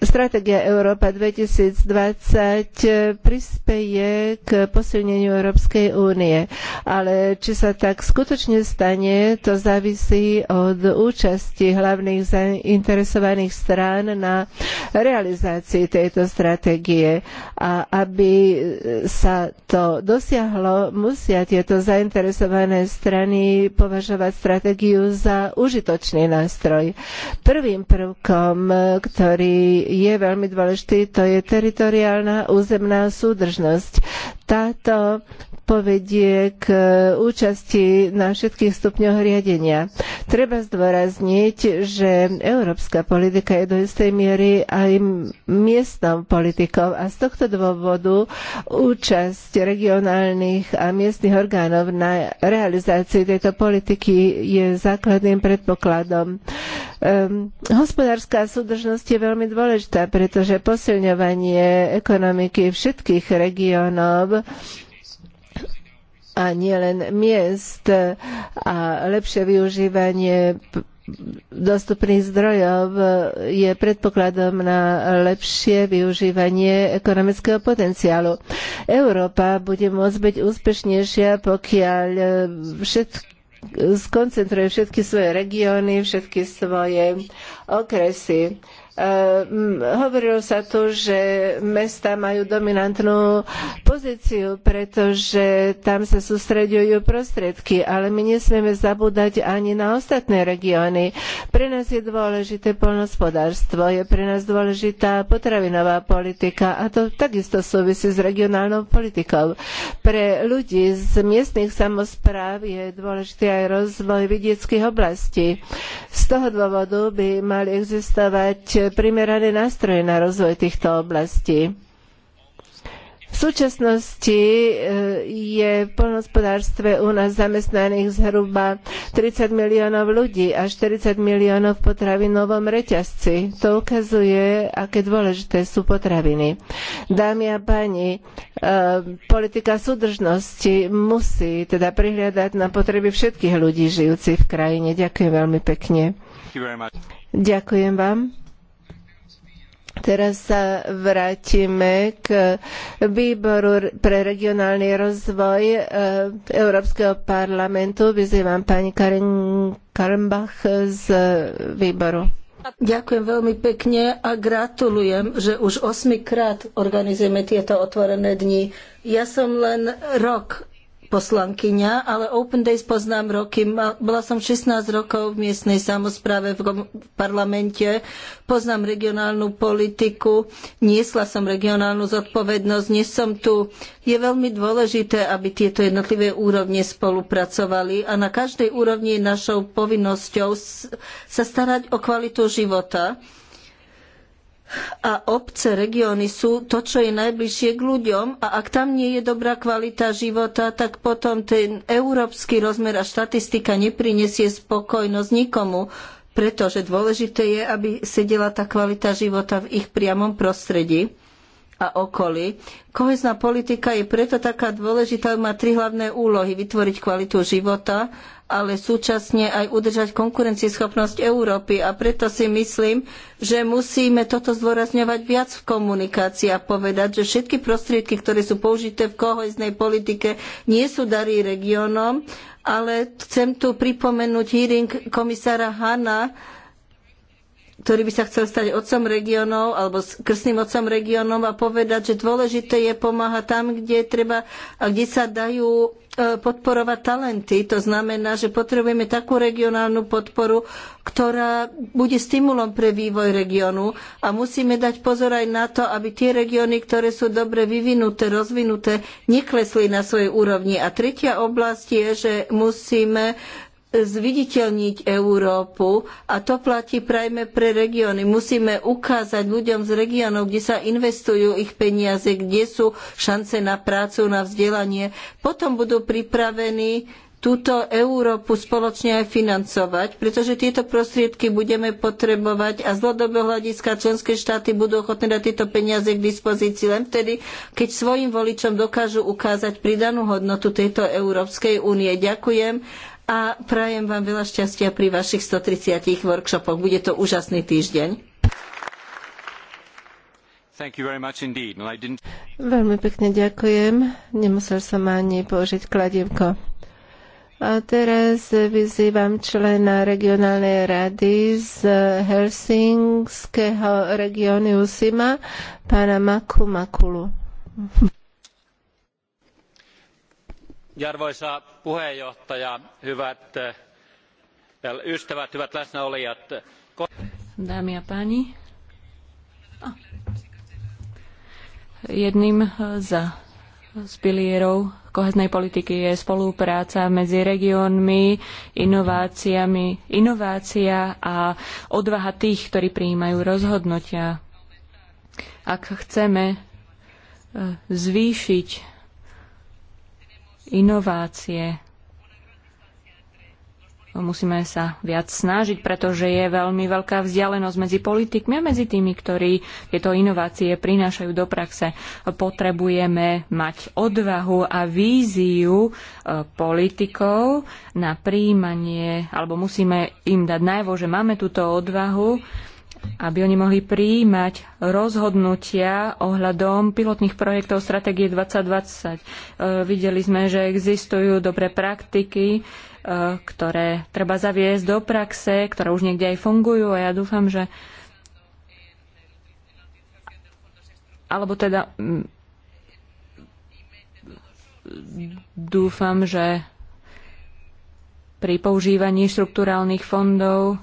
Stratégia Európa 2020 eh, prispeje k posilneniu Európskej únie, ale či sa tak skutočne stane, to závisí od účasti hlavných zainteresovaných strán na realizácii tejto stratégie. A aby sa to dosiahlo, musia tieto zainteresované strany považovať stratégiu za užitočný nástroj. Prvým prvkom, eh, ktorý je veľmi dôležitý, to je teritoriálna územná súdržnosť. Táto odpovedie k e, účasti na všetkých stupňoch riadenia. Treba zdôrazniť, že európska politika je do istej miery aj miestnou politikou a z tohto dôvodu účasť regionálnych a miestnych orgánov na realizácii tejto politiky je základným predpokladom. Um, hospodárska súdržnosť je veľmi dôležitá, pretože posilňovanie ekonomiky všetkých regiónov a nielen miest a lepšie využívanie dostupných zdrojov je predpokladom na lepšie využívanie ekonomického potenciálu. Európa bude môcť byť úspešnejšia, pokiaľ všetky skoncentruje všetky svoje regióny, všetky svoje okresy. Ehm, hovorilo sa tu, že mesta majú dominantnú pozíciu, pretože tam sa sústreďujú prostriedky, ale my nesmieme zabúdať ani na ostatné regióny. Pre nás je dôležité poľnohospodárstvo, je pre nás dôležitá potravinová politika a to takisto súvisí s regionálnou politikou. Pre ľudí z miestnych samospráv je dôležitý aj rozvoj vidieckých oblastí. Z toho dôvodu by mali existovať primerané nástroje na rozvoj týchto oblastí. V súčasnosti eh, je v poľnohospodárstve u nás zamestnaných zhruba 30 miliónov ľudí a 40 miliónov v potravinovom reťazci. To ukazuje, aké dôležité sú potraviny. Dámy a páni, eh, politika súdržnosti musí teda prihľadať na potreby všetkých ľudí žijúcich v krajine. Ďakujem veľmi pekne. Ďakujem vám. Teraz sa vrátime k výboru pre regionálny rozvoj e, Európskeho parlamentu. Vyzývam pani Karin Kalmbach z výboru. Ďakujem veľmi pekne a gratulujem, že už osmikrát organizujeme tieto otvorené dni. Ja som len rok poslankyňa, ale Open Days poznám roky. Bola som 16 rokov v miestnej samozpráve v parlamente, poznám regionálnu politiku, niesla som regionálnu zodpovednosť, dnes som tu. Je veľmi dôležité, aby tieto jednotlivé úrovne spolupracovali a na každej úrovni je našou povinnosťou sa starať o kvalitu života a obce, regióny sú to, čo je najbližšie k ľuďom a ak tam nie je dobrá kvalita života, tak potom ten európsky rozmer a štatistika neprinesie spokojnosť nikomu, pretože dôležité je, aby sedela tá kvalita života v ich priamom prostredí a okolí. Kohezná politika je preto taká dôležitá, má tri hlavné úlohy. Vytvoriť kvalitu života, ale súčasne aj udržať konkurencieschopnosť Európy. A preto si myslím, že musíme toto zdôrazňovať viac v komunikácii a povedať, že všetky prostriedky, ktoré sú použité v kohoznej politike, nie sú darí regiónom, ale chcem tu pripomenúť hearing komisára Hanna, ktorý by sa chcel stať otcom regiónov alebo krstným otcom regiónov a povedať, že dôležité je pomáhať tam, kde treba a kde sa dajú e, podporovať talenty. To znamená, že potrebujeme takú regionálnu podporu, ktorá bude stimulom pre vývoj regiónu a musíme dať pozor aj na to, aby tie regióny, ktoré sú dobre vyvinuté, rozvinuté, neklesli na svojej úrovni. A tretia oblasť je, že musíme zviditeľniť Európu a to platí prajme pre regióny. Musíme ukázať ľuďom z regiónov, kde sa investujú ich peniaze, kde sú šance na prácu, na vzdelanie. Potom budú pripravení túto Európu spoločne aj financovať, pretože tieto prostriedky budeme potrebovať a z dlhodobého hľadiska členské štáty budú ochotné dať tieto peniaze k dispozícii len vtedy, keď svojim voličom dokážu ukázať pridanú hodnotu tejto Európskej únie. Ďakujem a prajem vám veľa šťastia pri vašich 130 workshopoch. Bude to úžasný týždeň. Veľmi pekne ďakujem. Nemusel som ani použiť kladivko. A teraz vyzývam člena regionálnej rady z Helsingského regiónu Usima, pána Maku Makulu arvoisa puhemies hyvät äh, ystävät hyvät läsnäolijat dámy a jedným e, z z pilierov kohéznej politiky je spolupráca medzi regiónmi, inováciami, inovácia a odvaha tých, ktorí prijímajú rozhodnutia. Ak chceme e, zvýšiť inovácie. Musíme sa viac snažiť, pretože je veľmi veľká vzdialenosť medzi politikmi a medzi tými, ktorí tieto inovácie prinášajú do praxe. Potrebujeme mať odvahu a víziu e, politikov na príjmanie, alebo musíme im dať najvo, že máme túto odvahu aby oni mohli príjmať rozhodnutia ohľadom pilotných projektov stratégie 2020. E, videli sme, že existujú dobré praktiky, e, ktoré treba zaviesť do praxe, ktoré už niekde aj fungujú a ja dúfam, že alebo teda dúfam, že pri používaní štruktúrálnych fondov e,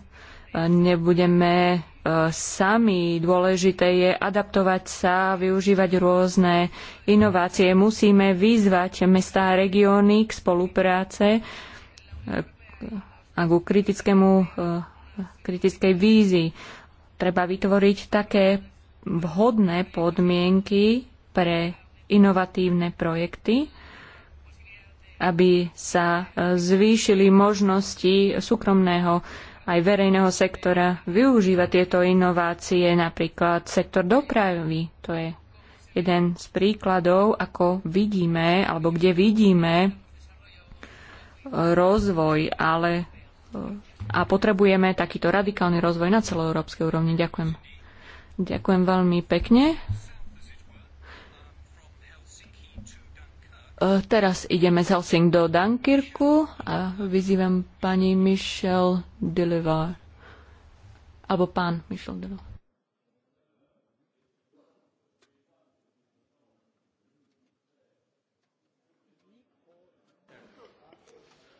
nebudeme sami. Dôležité je adaptovať sa, využívať rôzne inovácie. Musíme vyzvať mestá a regióny k spolupráce e, a ku kritickému, e, kritickej vízi. Treba vytvoriť také vhodné podmienky pre inovatívne projekty, aby sa e, zvýšili možnosti súkromného aj verejného sektora využíva tieto inovácie, napríklad sektor dopravy. To je jeden z príkladov, ako vidíme, alebo kde vidíme e, rozvoj, ale e, a potrebujeme takýto radikálny rozvoj na celoeurópskej úrovni. Ďakujem. Ďakujem veľmi pekne. Eh, teraz ideme z Helsing do Dunkirku a vyzývam pani Michelle Delivar. Alebo pán Michelle Delivar.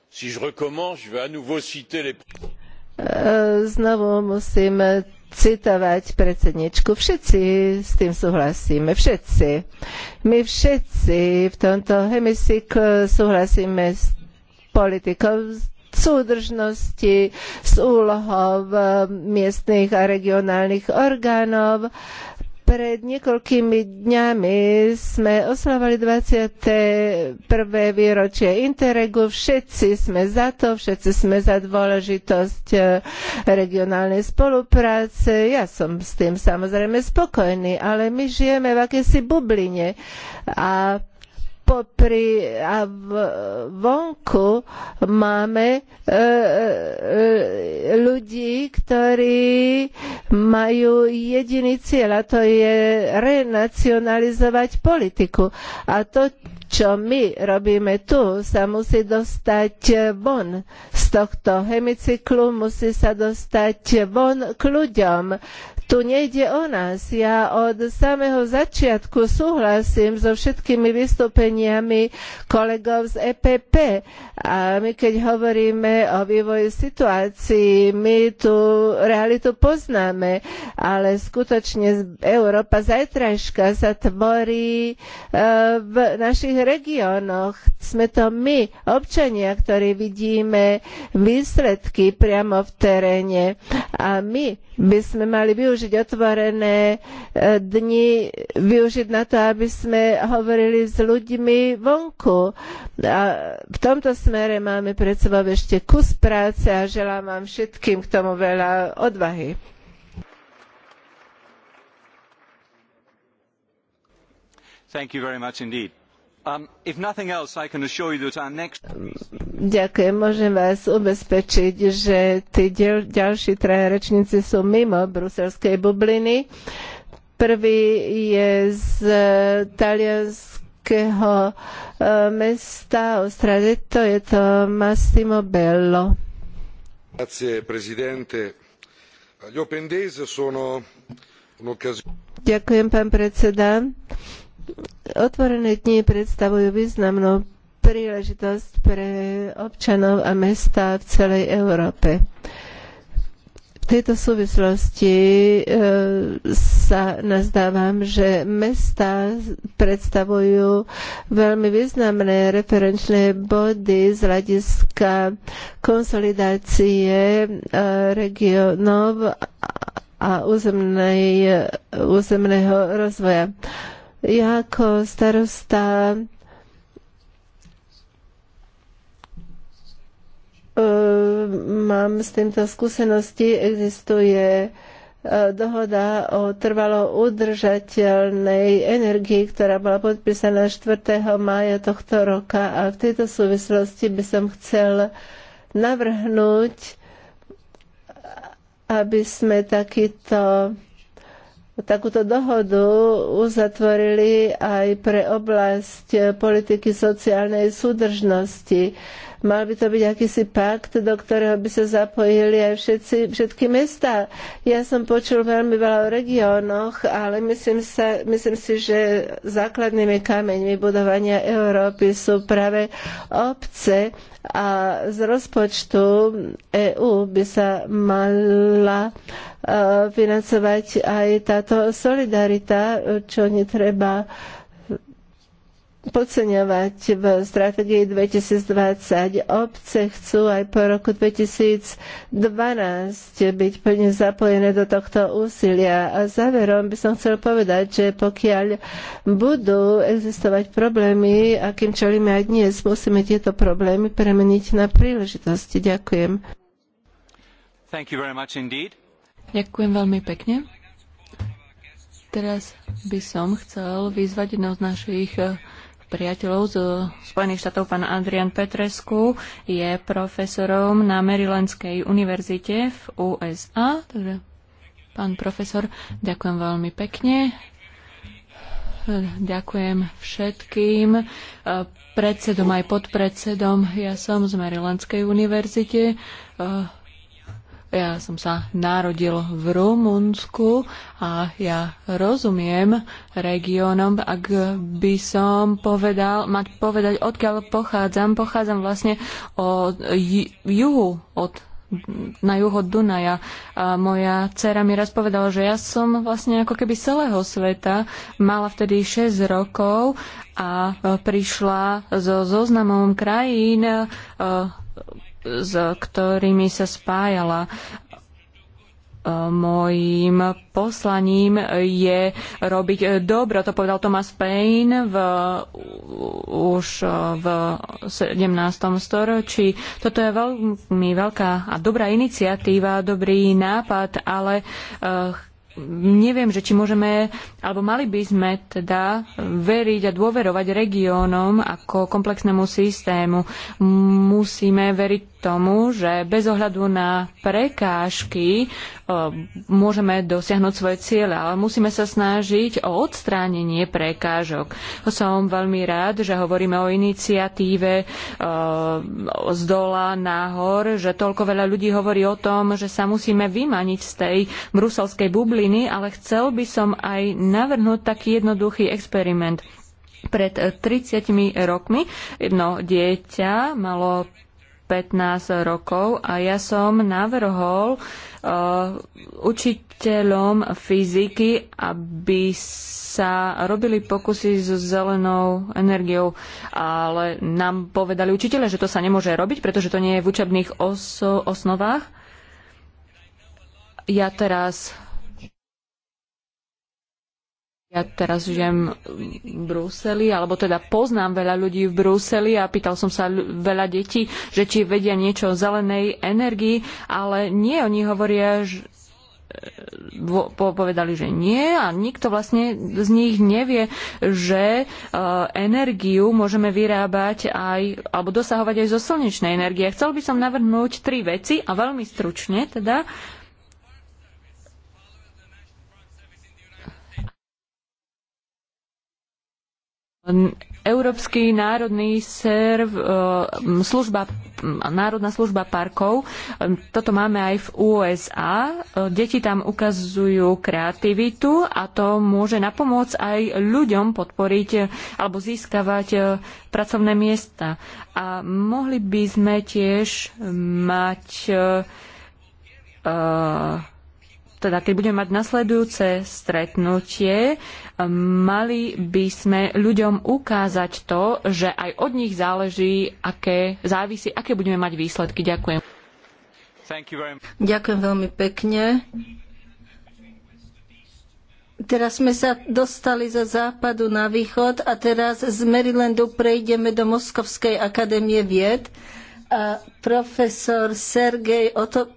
Si je recommence, je vais à nouveau citer les... Eh, znovu musím citovať predsedničku. Všetci s tým súhlasíme, všetci. My všetci v tomto hemisykle súhlasíme s politikou súdržnosti, s úlohou eh, miestnych a regionálnych orgánov, pred niekoľkými dňami sme oslavovali 21. výročie Interregu. Všetci sme za to, všetci sme za dôležitosť eh, regionálnej spolupráce. Ja som s tým samozrejme spokojný, ale my žijeme v akejsi bubline a popri a v, vonku máme e, e, e, ľudí, ktorí majú jediný cieľ a to je renacionalizovať politiku. A to, čo my robíme tu, sa musí dostať von z tohto hemicyklu, musí sa dostať von k ľuďom. Tu nejde o nás. Ja od samého začiatku súhlasím so všetkými vystúpeniami kolegov z EPP. A my keď hovoríme o vývoji situácií, my tú realitu poznáme, ale skutočne Európa zajtrajška sa tvorí e, v našich regiónoch. Sme to my, občania, ktorí vidíme výsledky priamo v teréne. A my by sme mali využiť využiť otvorené e, dni, využiť na to, aby sme hovorili s ľuďmi vonku. A v tomto smere máme pred sebou ešte kus práce a želám vám všetkým k tomu veľa odvahy. Thank you very much indeed. Um, Ďakujem, môžem vás ubezpečiť, že tí ďalší traja rečníci sú mimo bruselskej bubliny. Prvý je z e, talianského e, mesta Ostradetto, je to Massimo Bello. Grazie, presidente. Gli open days sono un'occasione. Ďakujem, pán predseda. Otvorené dni predstavujú významnú príležitosť pre občanov a mesta v celej Európe. V tejto súvislosti e, sa nazdávam, že mesta predstavujú veľmi významné referenčné body z hľadiska konsolidácie e, regionov a územnej, e, územného rozvoja. E, ja ako starosta e, mám s týmto skúsenosti, existuje e, dohoda o trvalo udržateľnej energii, ktorá bola podpísaná 4. mája tohto roka a v tejto súvislosti by som chcel navrhnúť, aby sme takýto Takúto dohodu uzatvorili aj pre oblasť politiky sociálnej súdržnosti. Mal by to byť akýsi pakt, do ktorého by sa zapojili aj všetci, všetky mesta. Ja som počul veľmi veľa o regiónoch, ale myslím, sa, myslím si, že základnými kameňmi budovania Európy sú práve obce a z rozpočtu EÚ by sa mala e, financovať aj táto solidarita, čo netreba podceňovať v stratégii 2020. Obce chcú aj po roku 2012 byť plne zapojené do tohto úsilia. A záverom by som chcel povedať, že pokiaľ budú existovať problémy, akým čelíme aj dnes, musíme tieto problémy premeniť na príležitosti. Ďakujem. Thank you very much indeed. Ďakujem veľmi pekne. Teraz by som chcel vyzvať jedno z našich eh, priateľov z Spojených štátov, pán Adrian Petresku, je profesorom na Marylandskej univerzite v USA. Takže, pán profesor, ďakujem veľmi pekne. Ďakujem všetkým eh, predsedom aj podpredsedom. Ja som z Marylandskej univerzite eh, ja som sa narodil v Rumunsku a ja rozumiem regiónom, ak by som povedal, mať povedať, odkiaľ pochádzam. Pochádzam vlastne o juhu, od na juho Dunaja. A moja dcera mi raz povedala, že ja som vlastne ako keby celého sveta. Mala vtedy 6 rokov a prišla so zoznamom krajín, e, s ktorými sa spájala e, mojím poslaním je robiť dobro. To povedal Thomas Paine v, už v 17. storočí. Toto je veľmi veľká a dobrá iniciatíva, dobrý nápad, ale uh, neviem, že či môžeme, alebo mali by sme teda veriť a dôverovať regiónom ako komplexnému systému. Musíme veriť tomu, že bez ohľadu na prekážky e, môžeme dosiahnuť svoje cieľe, ale musíme sa snažiť o odstránenie prekážok. Som veľmi rád, že hovoríme o iniciatíve e, z dola nahor, že toľko veľa ľudí hovorí o tom, že sa musíme vymaniť z tej bruselskej bubliny, ale chcel by som aj navrhnúť taký jednoduchý experiment pred 30 rokmi jedno dieťa malo 15 rokov a ja som navrhol uh, učiteľom fyziky, aby sa robili pokusy s zelenou energiou, ale nám povedali učiteľe, že to sa nemôže robiť, pretože to nie je v učebných osnovách. Ja teraz ja teraz žijem v Bruseli, alebo teda poznám veľa ľudí v Bruseli a pýtal som sa veľa detí, že či vedia niečo o zelenej energii, ale nie, oni hovoria, že e, povedali, že nie a nikto vlastne z nich nevie, že e, energiu môžeme vyrábať aj, alebo dosahovať aj zo slnečnej energie. Chcel by som navrhnúť tri veci a veľmi stručne teda Európsky národný serv, e, služba, národná služba parkov, toto máme aj v USA. E, deti tam ukazujú kreativitu a to môže napomôcť aj ľuďom podporiť e, alebo získavať pracovné miesta. A mohli by sme tiež mať uh, teda keď budeme mať nasledujúce stretnutie, mali by sme ľuďom ukázať to, že aj od nich záleží, aké závisí, aké budeme mať výsledky. Ďakujem. Ďakujem veľmi pekne. Teraz sme sa dostali zo západu na východ a teraz z Marylandu prejdeme do Moskovskej akadémie vied a profesor Sergej Otop.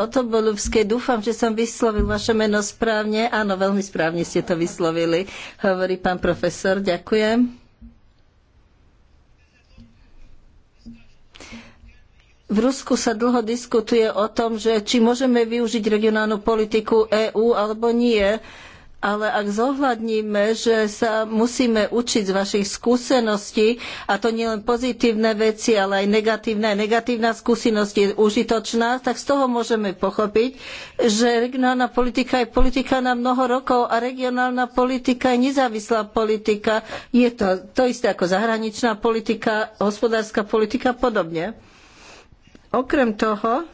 Otobolubskej. Dúfam, že som vyslovil vaše meno správne. Áno, veľmi správne ste to vyslovili, hovorí pán profesor. Ďakujem. V Rusku sa dlho diskutuje o tom, že či môžeme využiť regionálnu politiku EÚ alebo nie ale ak zohľadníme, že sa musíme učiť z vašich skúseností, a to nielen pozitívne veci, ale aj negatívne, negatívna skúsenosť je užitočná, tak z toho môžeme pochopiť, že regionálna politika je politika na mnoho rokov a regionálna politika je nezávislá politika. Je to to isté ako zahraničná politika, hospodárska politika a podobne. Okrem toho,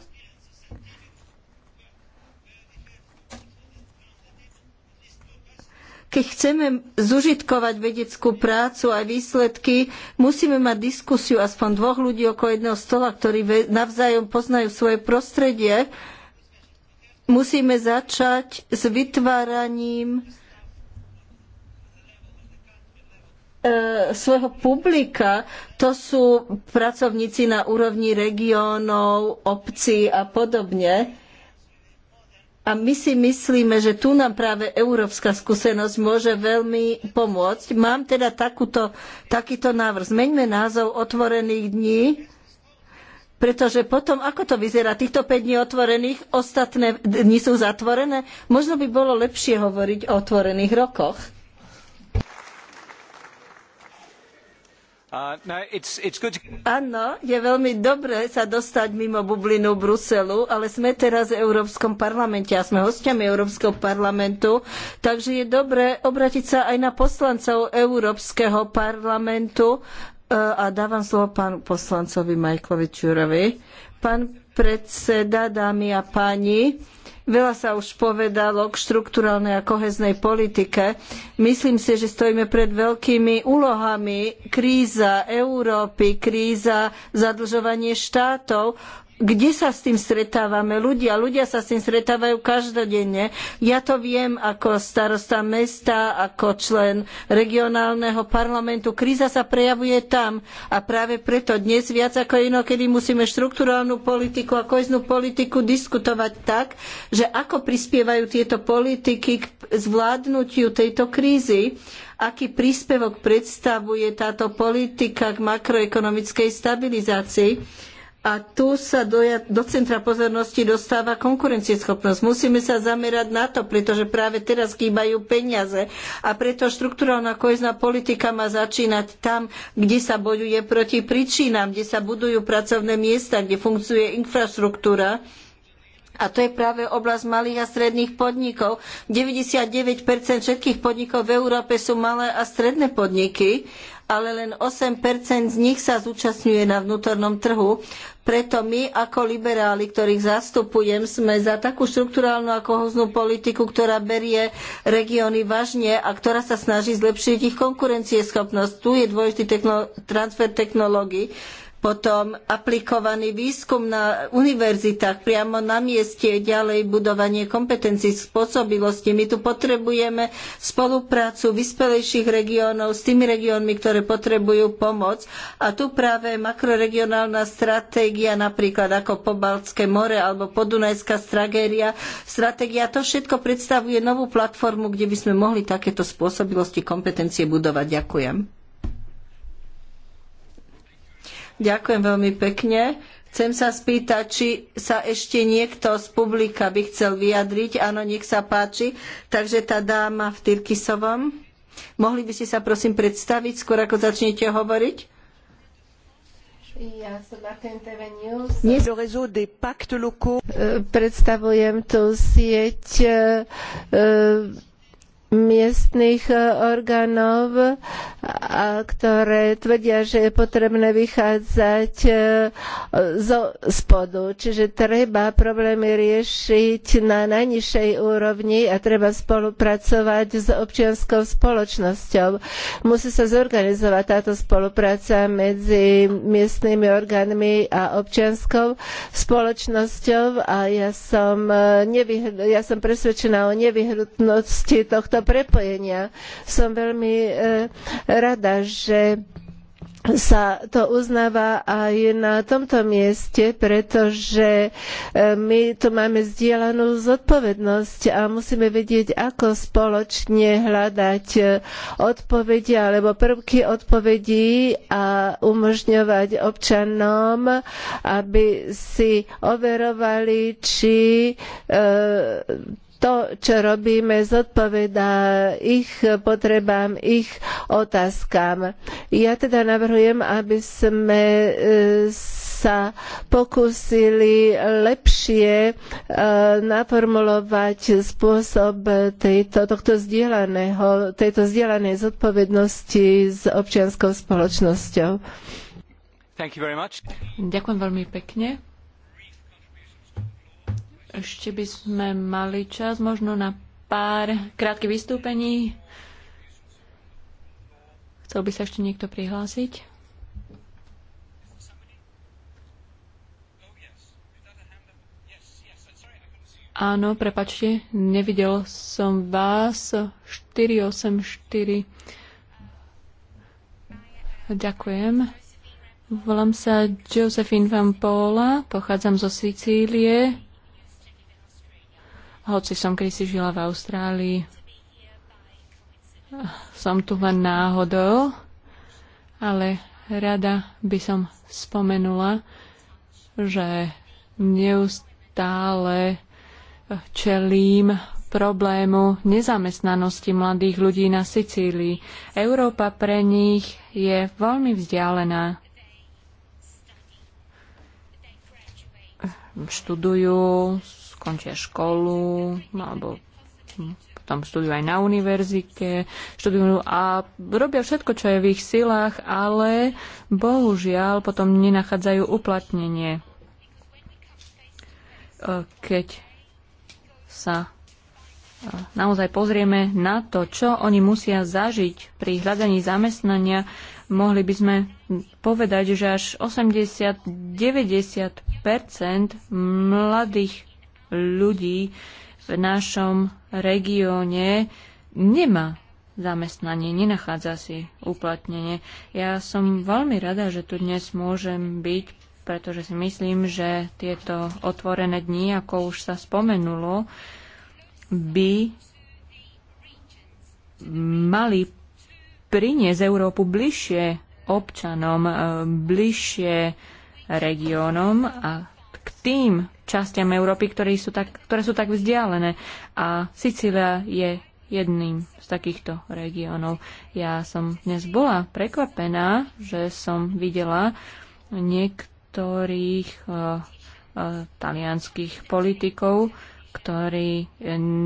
keď chceme zužitkovať vedeckú prácu aj výsledky, musíme mať diskusiu aspoň dvoch ľudí okolo jedného stola, ktorí navzájom poznajú svoje prostredie. Musíme začať s vytváraním e, svojho publika, to sú pracovníci na úrovni regiónov, obcí a podobne. A my si myslíme, že tu nám práve európska skúsenosť môže veľmi pomôcť. Mám teda takúto, takýto návrh. Zmeňme názov otvorených dní, pretože potom, ako to vyzerá, týchto 5 dní otvorených, ostatné dni sú zatvorené. Možno by bolo lepšie hovoriť o otvorených rokoch. Uh, no, Áno, je veľmi dobré sa dostať mimo bublinu Bruselu, ale sme teraz v Európskom parlamente a sme hostiami Európskeho parlamentu, takže je dobré obrátiť sa aj na poslancov Európskeho parlamentu uh, a dávam slovo pánu poslancovi Majkovi Čurovi. Pán predseda, dámy a páni, Veľa sa už povedalo k štrukturálnej a koheznej politike. Myslím si, že stojíme pred veľkými úlohami. Kríza Európy, kríza zadlžovanie štátov kde sa s tým stretávame ľudia. Ľudia sa s tým stretávajú každodenne. Ja to viem ako starosta mesta, ako člen regionálneho parlamentu. Kríza sa prejavuje tam a práve preto dnes viac ako inokedy musíme štrukturálnu politiku a koiznú politiku diskutovať tak, že ako prispievajú tieto politiky k zvládnutiu tejto krízy aký príspevok predstavuje táto politika k makroekonomickej stabilizácii. A tu sa do, do centra pozornosti dostáva konkurencieschopnosť. Musíme sa zamerať na to, pretože práve teraz chýbajú peniaze. A preto štrukturálna kohezná politika má začínať tam, kde sa bojuje proti príčinám, kde sa budujú pracovné miesta, kde funguje infraštruktúra. A to je práve oblasť malých a stredných podnikov. 99% všetkých podnikov v Európe sú malé a stredné podniky ale len 8 z nich sa zúčastňuje na vnútornom trhu. Preto my ako liberáli, ktorých zastupujem, sme za takú štrukturálnu a kohoznú politiku, ktorá berie regióny vážne a ktorá sa snaží zlepšiť ich konkurencieschopnosť. Tu je dôležitý technolo- transfer technológií potom aplikovaný výskum na univerzitách priamo na mieste, ďalej budovanie kompetencií, spôsobilosti. My tu potrebujeme spoluprácu vyspelejších regiónov s tými regiónmi, ktoré potrebujú pomoc. A tu práve makroregionálna stratégia, napríklad ako Pobaltské more alebo Podunajská stratégia, stratégia, to všetko predstavuje novú platformu, kde by sme mohli takéto spôsobilosti, kompetencie budovať. Ďakujem. Ďakujem veľmi pekne. Chcem sa spýtať, či sa ešte niekto z publika by chcel vyjadriť. Áno, nech sa páči. Takže tá dáma v Tyrkisovom. Mohli by ste sa prosím predstaviť, skôr ako začnete hovoriť? Ja som Predstavujem tu sieť eh, miestnych e, orgánov, a ktoré tvrdia, že je potrebné vychádzať e, zo spodu. Čiže treba problémy riešiť na najnižšej úrovni a treba spolupracovať s občianskou spoločnosťou. Musí sa zorganizovať táto spolupráca medzi miestnymi orgánmi a občianskou spoločnosťou a ja som, e, ja som presvedčená o nevyhnutnosti tohto tohto prepojenia. Som veľmi e, rada, že sa to uznáva aj na tomto mieste, pretože e, my tu máme zdieľanú zodpovednosť a musíme vedieť, ako spoločne hľadať e, odpovede alebo prvky odpovedí a umožňovať občanom, aby si overovali, či e, to, čo robíme, zodpovedá ich potrebám, ich otázkam. Ja teda navrhujem, aby sme e, sa pokúsili lepšie e, naformulovať spôsob tejto, tohto zdieľaného, tejto zdieľanej zodpovednosti s občianskou spoločnosťou. Ďakujem veľmi pekne ešte by sme mali čas možno na pár krátkych vystúpení. Chcel by sa ešte niekto prihlásiť? Áno, prepačte, nevidel som vás. 484. Ďakujem. Volám sa Josephine Van Paula, pochádzam zo Sicílie. Hoci som kedysi žila v Austrálii, som tu len náhodou, ale rada by som spomenula, že neustále čelím problému nezamestnanosti mladých ľudí na Sicílii. Európa pre nich je veľmi vzdialená. Študujú, skončia školu no, alebo potom študujú aj na univerzite, študujú a robia všetko, čo je v ich silách, ale bohužiaľ potom nenachádzajú uplatnenie. E, keď sa e, naozaj pozrieme na to, čo oni musia zažiť pri hľadaní zamestnania, mohli by sme povedať, že až 80-90 mladých ľudí v našom regióne nemá zamestnanie, nenachádza si uplatnenie. Ja som veľmi rada, že tu dnes môžem byť, pretože si myslím, že tieto otvorené dni, ako už sa spomenulo, by mali priniesť Európu bližšie občanom, bližšie regiónom a tým častiam Európy, ktoré sú tak, ktoré sú tak vzdialené. A Sicília je jedným z takýchto regiónov. Ja som dnes bola prekvapená, že som videla niektorých uh, uh, talianských politikov, ktorí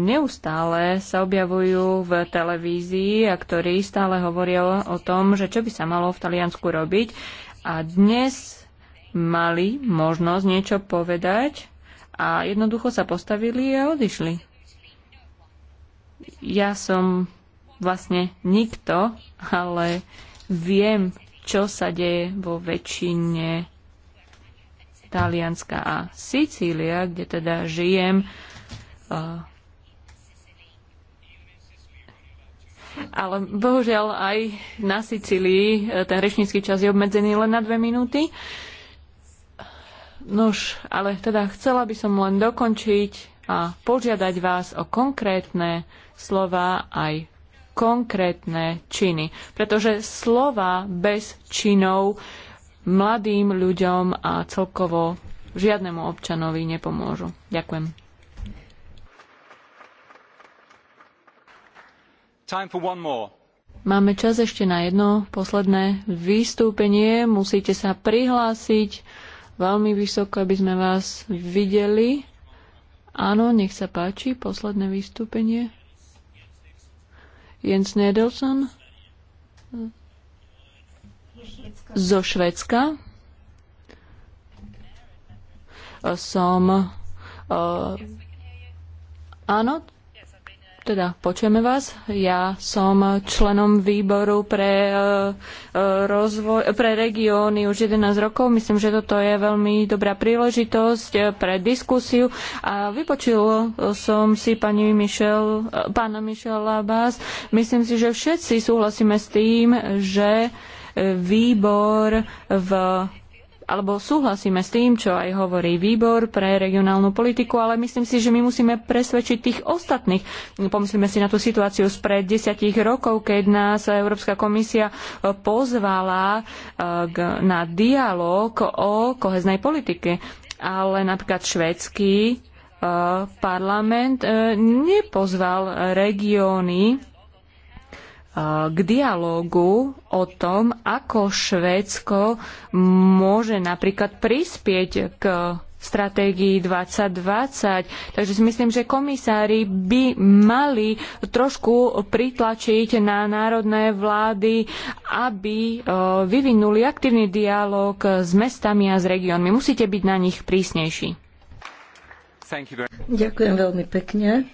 neustále sa objavujú v televízii a ktorí stále hovoria o, tom, že čo by sa malo v Taliansku robiť. A dnes mali možnosť niečo povedať a jednoducho sa postavili a odišli. Ja som vlastne nikto, ale viem, čo sa deje vo väčšine Talianska a Sicília, kde teda žijem. Eh, ale bohužiaľ aj na Sicílii eh, ten rečnícky čas je obmedzený len na dve minúty. Uh, Nož, ale teda chcela by som len dokončiť a požiadať vás o konkrétne slova aj konkrétne činy. Pretože slova bez činov mladým ľuďom a celkovo žiadnemu občanovi nepomôžu. Ďakujem. Máme čas ešte na jedno posledné vystúpenie. Musíte sa prihlásiť veľmi vysoko, aby sme vás videli. Áno, nech sa páči, posledné vystúpenie. Jens Nedelson zo Švedska. Som... Uh, áno, teda počujeme vás. Ja som členom výboru pre, e, e, rozvoj, pre regióny už 11 rokov. Myslím, že toto je veľmi dobrá príležitosť e, pre diskusiu. A vypočul som si pani Michel, pána Michela Bás. Myslím si, že všetci súhlasíme s tým, že výbor v alebo súhlasíme s tým, čo aj hovorí výbor pre regionálnu politiku, ale myslím si, že my musíme presvedčiť tých ostatných. Pomyslíme si na tú situáciu spred desiatich rokov, keď nás Európska komisia e, pozvala e, na dialog o koheznej politike. Ale napríklad švédsky e, parlament nepozval regióny E, k dialógu o tom, ako Švédsko môže napríklad prispieť k stratégii 2020. Takže si myslím, že komisári by mali trošku pritlačiť na národné vlády, aby e, vyvinuli aktívny dialog s mestami a s regiónmi. Musíte byť na nich prísnejší. Ďakujem veľmi pekne.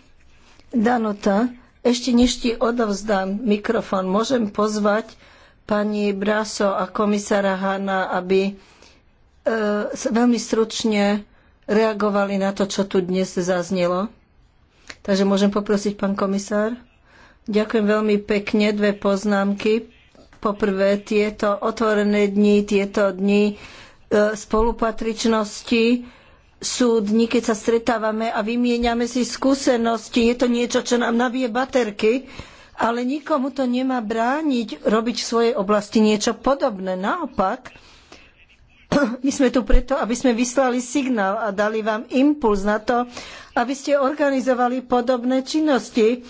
Danota, ešte než ti odovzdám mikrofón, môžem pozvať pani Braso a komisára Hanna, aby e, veľmi stručne reagovali na to, čo tu dnes zaznelo. Takže môžem poprosiť, pán komisár. Ďakujem veľmi pekne. Dve poznámky. Poprvé, tieto otvorené dni, tieto dni e, spolupatričnosti sú dni, keď sa stretávame a vymieňame si skúsenosti. Je to niečo, čo nám nabije baterky, ale nikomu to nemá brániť robiť v svojej oblasti niečo podobné. Naopak, my sme tu preto, aby sme vyslali signál a dali vám impuls na to, aby ste organizovali podobné činnosti.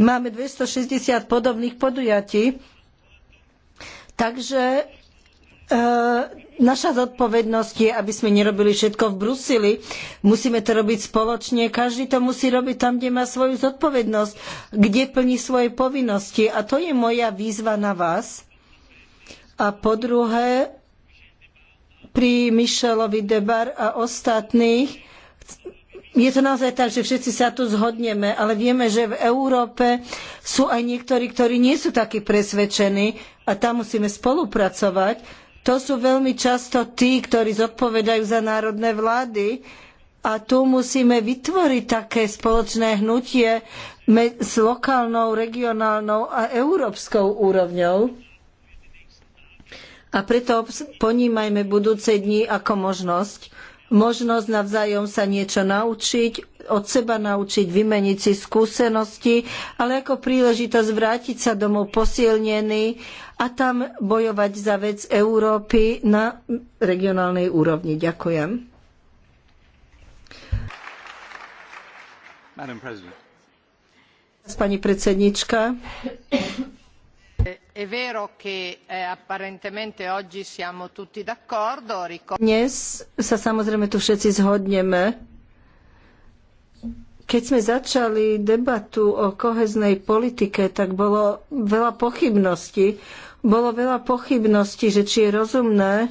Máme 260 podobných podujatí, takže Ehm, naša zodpovednosť je, aby sme nerobili všetko v Bruseli. Musíme to robiť spoločne. Každý to musí robiť tam, kde má svoju zodpovednosť, kde plní svoje povinnosti. A to je moja výzva na vás. A po druhé, pri Michelovi Debar a ostatných, je to naozaj tak, že všetci sa tu zhodneme, ale vieme, že v Európe sú aj niektorí, ktorí nie sú takí presvedčení a tam musíme spolupracovať to sú veľmi často tí, ktorí zodpovedajú za národné vlády a tu musíme vytvoriť také spoločné hnutie s lokálnou, regionálnou a európskou úrovňou. A preto ponímajme budúce dni ako možnosť, možnosť navzájom sa niečo naučiť, od seba naučiť, vymeniť si skúsenosti, ale ako príležitosť vrátiť sa domov posilnený a tam bojovať za vec Európy na regionálnej úrovni. Ďakujem. Pani predsednička, È vero che eh, apparentemente oggi siamo tutti d'accordo. Dnes sa samozrejme tu všetci zhodneme. Keď sme začali debatu o koheznej politike, tak bolo veľa pochybností. Bolo veľa pochybností, že či je rozumné eh,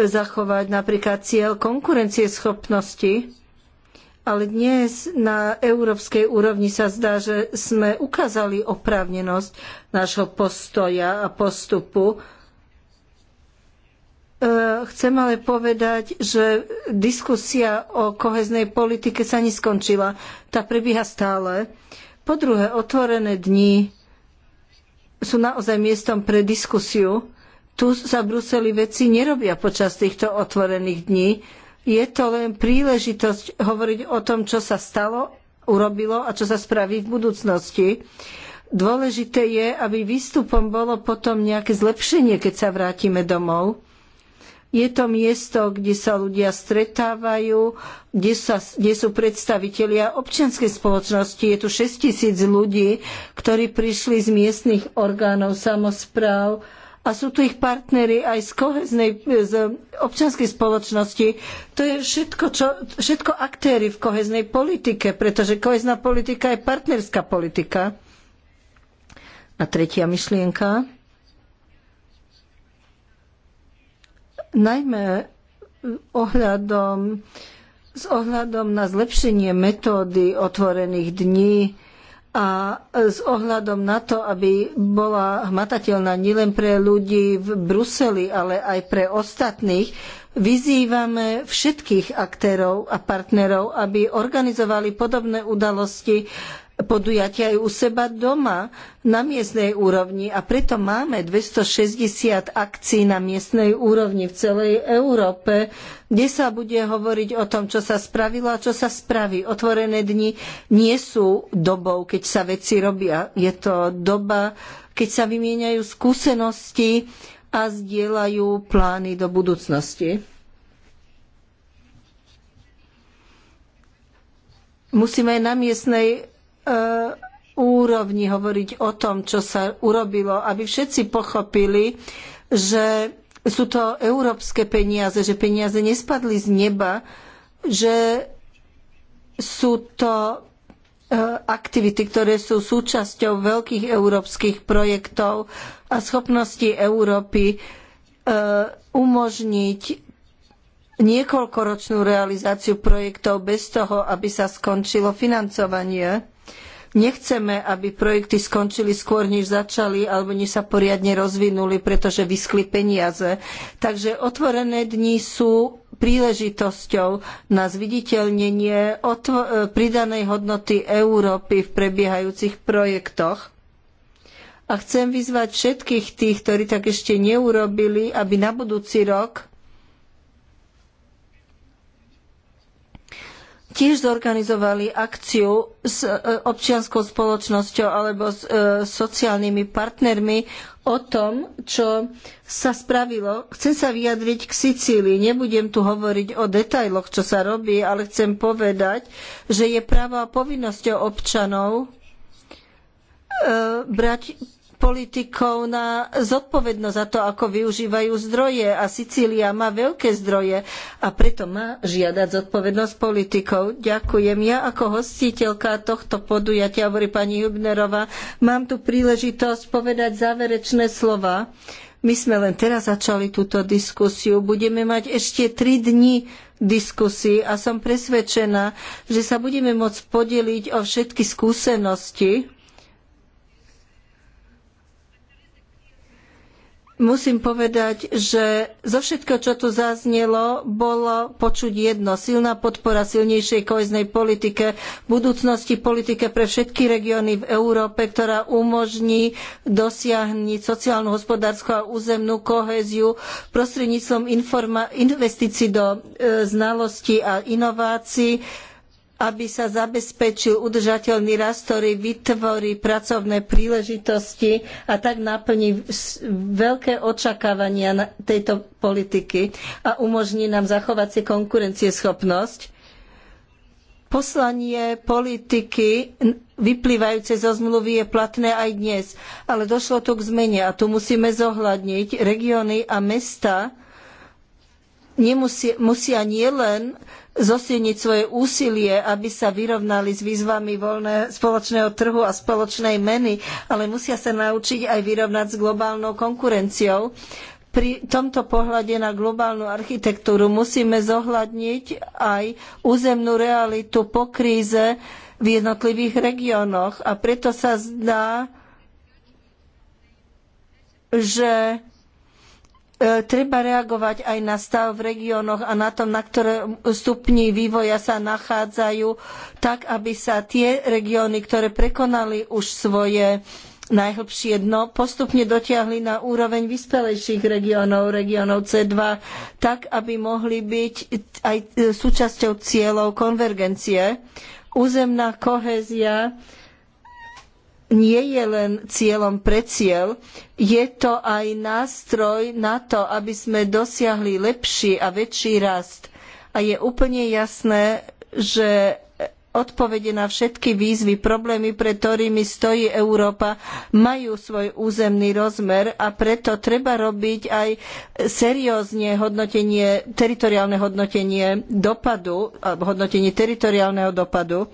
zachovať napríklad cieľ konkurencieschopnosti ale dnes na európskej úrovni sa zdá, že sme ukázali oprávnenosť nášho postoja a postupu. E, chcem ale povedať, že diskusia o koheznej politike sa neskončila. Tá prebieha stále. Po druhé, otvorené dni sú naozaj miestom pre diskusiu. Tu sa v Bruseli veci nerobia počas týchto otvorených dní je to len príležitosť hovoriť o tom, čo sa stalo, urobilo a čo sa spraví v budúcnosti. Dôležité je, aby výstupom bolo potom nejaké zlepšenie, keď sa vrátime domov. Je to miesto, kde sa ľudia stretávajú, kde, sa, kde sú predstavitelia občianskej spoločnosti. Je tu 6 tisíc ľudí, ktorí prišli z miestnych orgánov samozpráv, a sú tu ich partnery aj z koheznej, z občianskej spoločnosti. To je všetko, čo, všetko aktéry v koheznej politike, pretože kohezná politika je partnerská politika. A tretia myšlienka. Najmä ohľadom, s ohľadom na zlepšenie metódy otvorených dní a s ohľadom na to, aby bola hmatateľná nielen pre ľudí v Bruseli, ale aj pre ostatných, vyzývame všetkých aktérov a partnerov, aby organizovali podobné udalosti podujatia aj u seba doma na miestnej úrovni a preto máme 260 akcií na miestnej úrovni v celej Európe, kde sa bude hovoriť o tom, čo sa spravilo a čo sa spraví. Otvorené dni nie sú dobou, keď sa veci robia. Je to doba, keď sa vymieňajú skúsenosti a zdieľajú plány do budúcnosti. Musíme aj na miestnej E, úrovni hovoriť o tom, čo sa urobilo, aby všetci pochopili, že sú to európske peniaze, že peniaze nespadli z neba, že sú to e, aktivity, ktoré sú súčasťou veľkých európskych projektov a schopnosti Európy e, umožniť niekoľkoročnú realizáciu projektov bez toho, aby sa skončilo financovanie. Nechceme, aby projekty skončili skôr, než začali, alebo než sa poriadne rozvinuli, pretože vyskli peniaze. Takže otvorené dni sú príležitosťou na zviditeľnenie e, pridanej hodnoty Európy v prebiehajúcich projektoch. A chcem vyzvať všetkých tých, ktorí tak ešte neurobili, aby na budúci rok tiež zorganizovali akciu s e, občianskou spoločnosťou alebo s e, sociálnymi partnermi o tom, čo sa spravilo. Chcem sa vyjadriť k Sicílii. Nebudem tu hovoriť o detailoch, čo sa robí, ale chcem povedať, že je práva a povinnosťou občanov e, brať politikov na zodpovednosť za to, ako využívajú zdroje. A Sicília má veľké zdroje a preto má žiadať zodpovednosť politikov. Ďakujem. Ja ako hostiteľka tohto podujatia, hovorí pani Hubnerová, mám tu príležitosť povedať záverečné slova. My sme len teraz začali túto diskusiu. Budeme mať ešte tri dni diskusí a som presvedčená, že sa budeme môcť podeliť o všetky skúsenosti, Musím povedať, že zo všetko, čo tu zaznelo, bolo počuť jedno. Silná podpora silnejšej koheznej politike, v budúcnosti politike pre všetky regióny v Európe, ktorá umožní dosiahnuť sociálnu, hospodársku a územnú kohéziu prostredníctvom investícií do e, znalostí a inovácií aby sa zabezpečil udržateľný rast, ktorý vytvorí pracovné príležitosti a tak naplní veľké očakávania tejto politiky a umožní nám zachovať si konkurencieschopnosť. Poslanie politiky vyplývajúce zo zmluvy je platné aj dnes, ale došlo tu k zmene a tu musíme zohľadniť regióny a mesta, nemusia, musia nielen zosilniť svoje úsilie, aby sa vyrovnali s výzvami voľné, spoločného trhu a spoločnej meny, ale musia sa naučiť aj vyrovnať s globálnou konkurenciou. Pri tomto pohľade na globálnu architektúru musíme zohľadniť aj územnú realitu po kríze v jednotlivých regiónoch a preto sa zdá, že E, treba reagovať aj na stav v regiónoch a na tom, na ktorom stupni vývoja sa nachádzajú, tak aby sa tie regióny, ktoré prekonali už svoje najhlbšie dno, postupne dotiahli na úroveň vyspelejších regiónov, regiónov C2, tak aby mohli byť aj súčasťou cieľov konvergencie. Územná kohézia nie je len cieľom pre cieľ, je to aj nástroj na to, aby sme dosiahli lepší a väčší rast. A je úplne jasné, že odpovede na všetky výzvy, problémy, pred ktorými stojí Európa, majú svoj územný rozmer a preto treba robiť aj seriózne hodnotenie, teritoriálne hodnotenie dopadu, alebo hodnotenie teritoriálneho dopadu.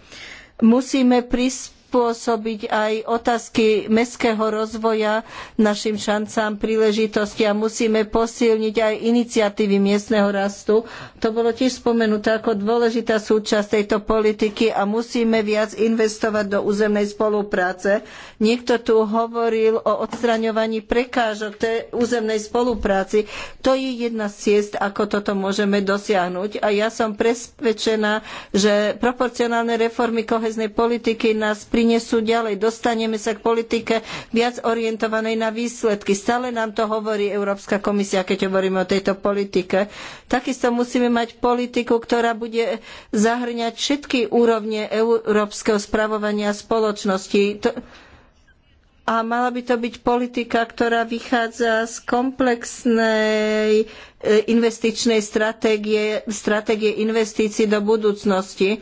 Musíme prispieť prispôsobiť aj otázky mestského rozvoja našim šancám, príležitosti a musíme posilniť aj iniciatívy miestneho rastu. To bolo tiež spomenuté ako dôležitá súčasť tejto politiky a musíme viac investovať do územnej spolupráce. Niekto tu hovoril o odstraňovaní prekážok tej územnej spolupráci. To je jedna z ciest, ako toto môžeme dosiahnuť a ja som presvedčená, že proporcionálne reformy koheznej politiky nás pri prinesú ďalej. Dostaneme sa k politike viac orientovanej na výsledky. Stále nám to hovorí Európska komisia, keď hovoríme o tejto politike. Takisto musíme mať politiku, ktorá bude zahŕňať všetky úrovne európskeho spravovania spoločnosti. A mala by to byť politika, ktorá vychádza z komplexnej e, investičnej stratégie, stratégie investícií do budúcnosti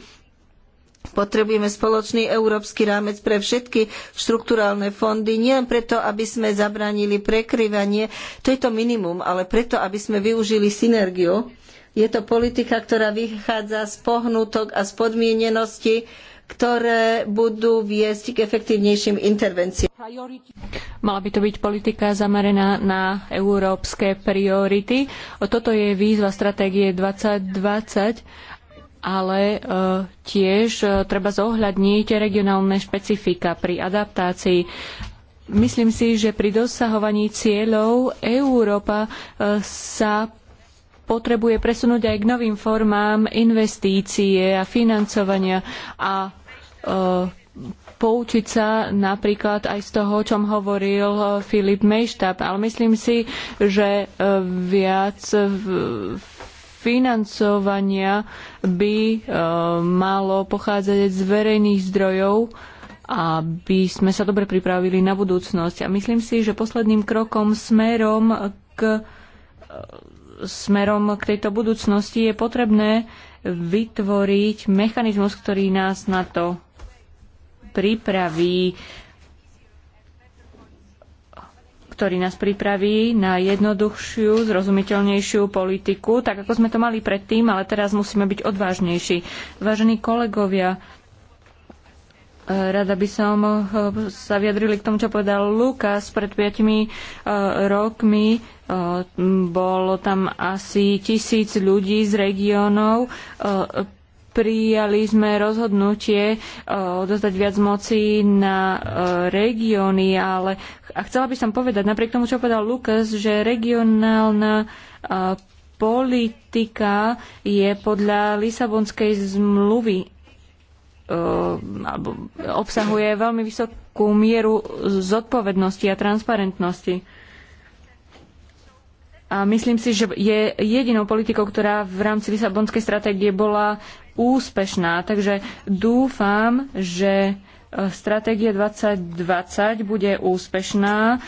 Potrebujeme spoločný európsky rámec pre všetky štrukturálne fondy, nielen preto, aby sme zabránili prekryvanie, to je to minimum, ale preto, aby sme využili synergiu. Je to politika, ktorá vychádza z pohnutok a z podmienenosti, ktoré budú viesť k efektívnejším intervenciám. Mala by to byť politika zameraná na európske priority. O toto je výzva stratégie 2020 ale e, tiež e, treba zohľadniť regionálne špecifika pri adaptácii. Myslím si, že pri dosahovaní cieľov Európa e, sa potrebuje presunúť aj k novým formám investície a financovania a e, poučiť sa napríklad aj z toho, o čom hovoril e, Filip Mejštab. Ale myslím si, že e, viac v financovania by e, malo pochádzať z verejných zdrojov, aby sme sa dobre pripravili na budúcnosť. A myslím si, že posledným krokom smerom k, e, smerom k tejto budúcnosti je potrebné vytvoriť mechanizmus, ktorý nás na to pripraví ktorý nás pripraví na jednoduchšiu, zrozumiteľnejšiu politiku, tak ako sme to mali predtým, ale teraz musíme byť odvážnejší. Vážení kolegovia, e, Rada by som e, sa vyjadrili k tomu, čo povedal Lukas pred 5 e, rokmi. Bolo tam asi tisíc ľudí z regiónov prijali sme rozhodnutie uh, e, dostať viac moci na uh, regióny, ale a chcela by som povedať, napriek tomu, čo povedal Lukas, že regionálna uh, politika je podľa Lisabonskej zmluvy alebo obsahuje veľmi vysokú mieru zodpovednosti a transparentnosti. A myslím si, že je jedinou politikou, ktorá v rámci Lisabonskej stratégie bola úspešná. Takže dúfam, že e, stratégia 2020 bude úspešná. E,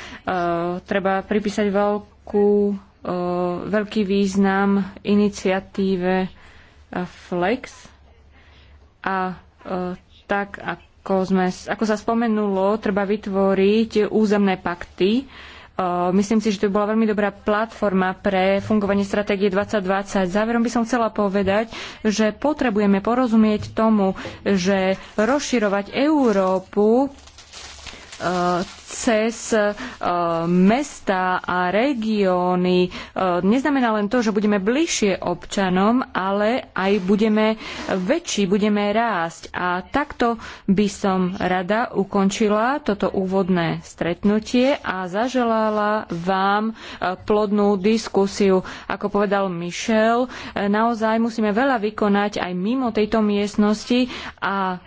treba pripísať veľkú, e, veľký význam iniciatíve Flex a tak, ako, sme, ako sa spomenulo, treba vytvoriť územné pakty, Myslím si, že to bola veľmi dobrá platforma pre fungovanie stratégie 2020. Záverom by som chcela povedať, že potrebujeme porozumieť tomu, že rozširovať Európu cez e, mesta a regióny e, neznamená len to, že budeme bližšie občanom, ale aj budeme väčší, budeme rásť. A takto by som rada ukončila toto úvodné stretnutie a zaželala vám e, plodnú diskusiu. Ako povedal Michel, naozaj musíme veľa vykonať aj mimo tejto miestnosti a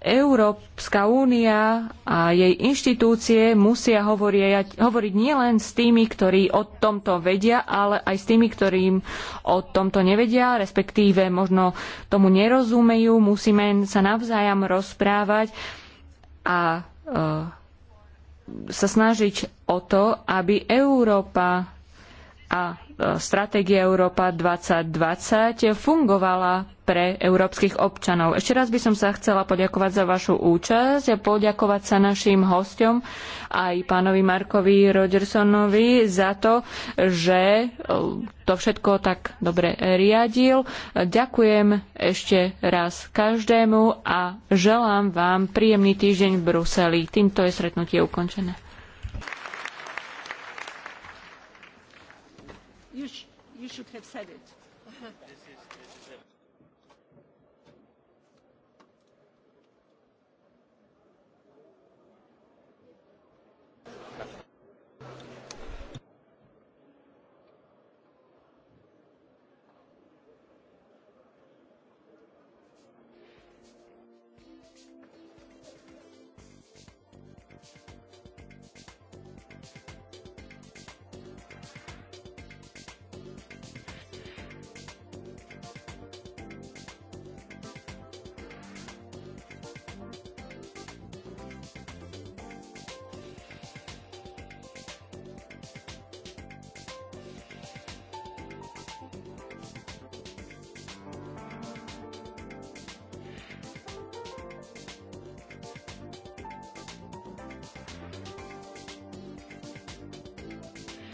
Európska únia a jej inštitúcie musia hovoriť, hovoriť nielen s tými, ktorí o tomto vedia, ale aj s tými, ktorým o tomto nevedia, respektíve možno tomu nerozumejú. Musíme sa navzájom rozprávať a e, sa snažiť o to, aby Európa a stratégia Európa 2020 fungovala pre európskych občanov. Ešte raz by som sa chcela poďakovať za vašu účasť a poďakovať sa našim hostom aj pánovi Markovi Rogersonovi za to, že e, to všetko tak dobre riadil. Ďakujem ešte raz každému a želám vám príjemný týždeň v Bruseli. Týmto je stretnutie ukončené. should have said it.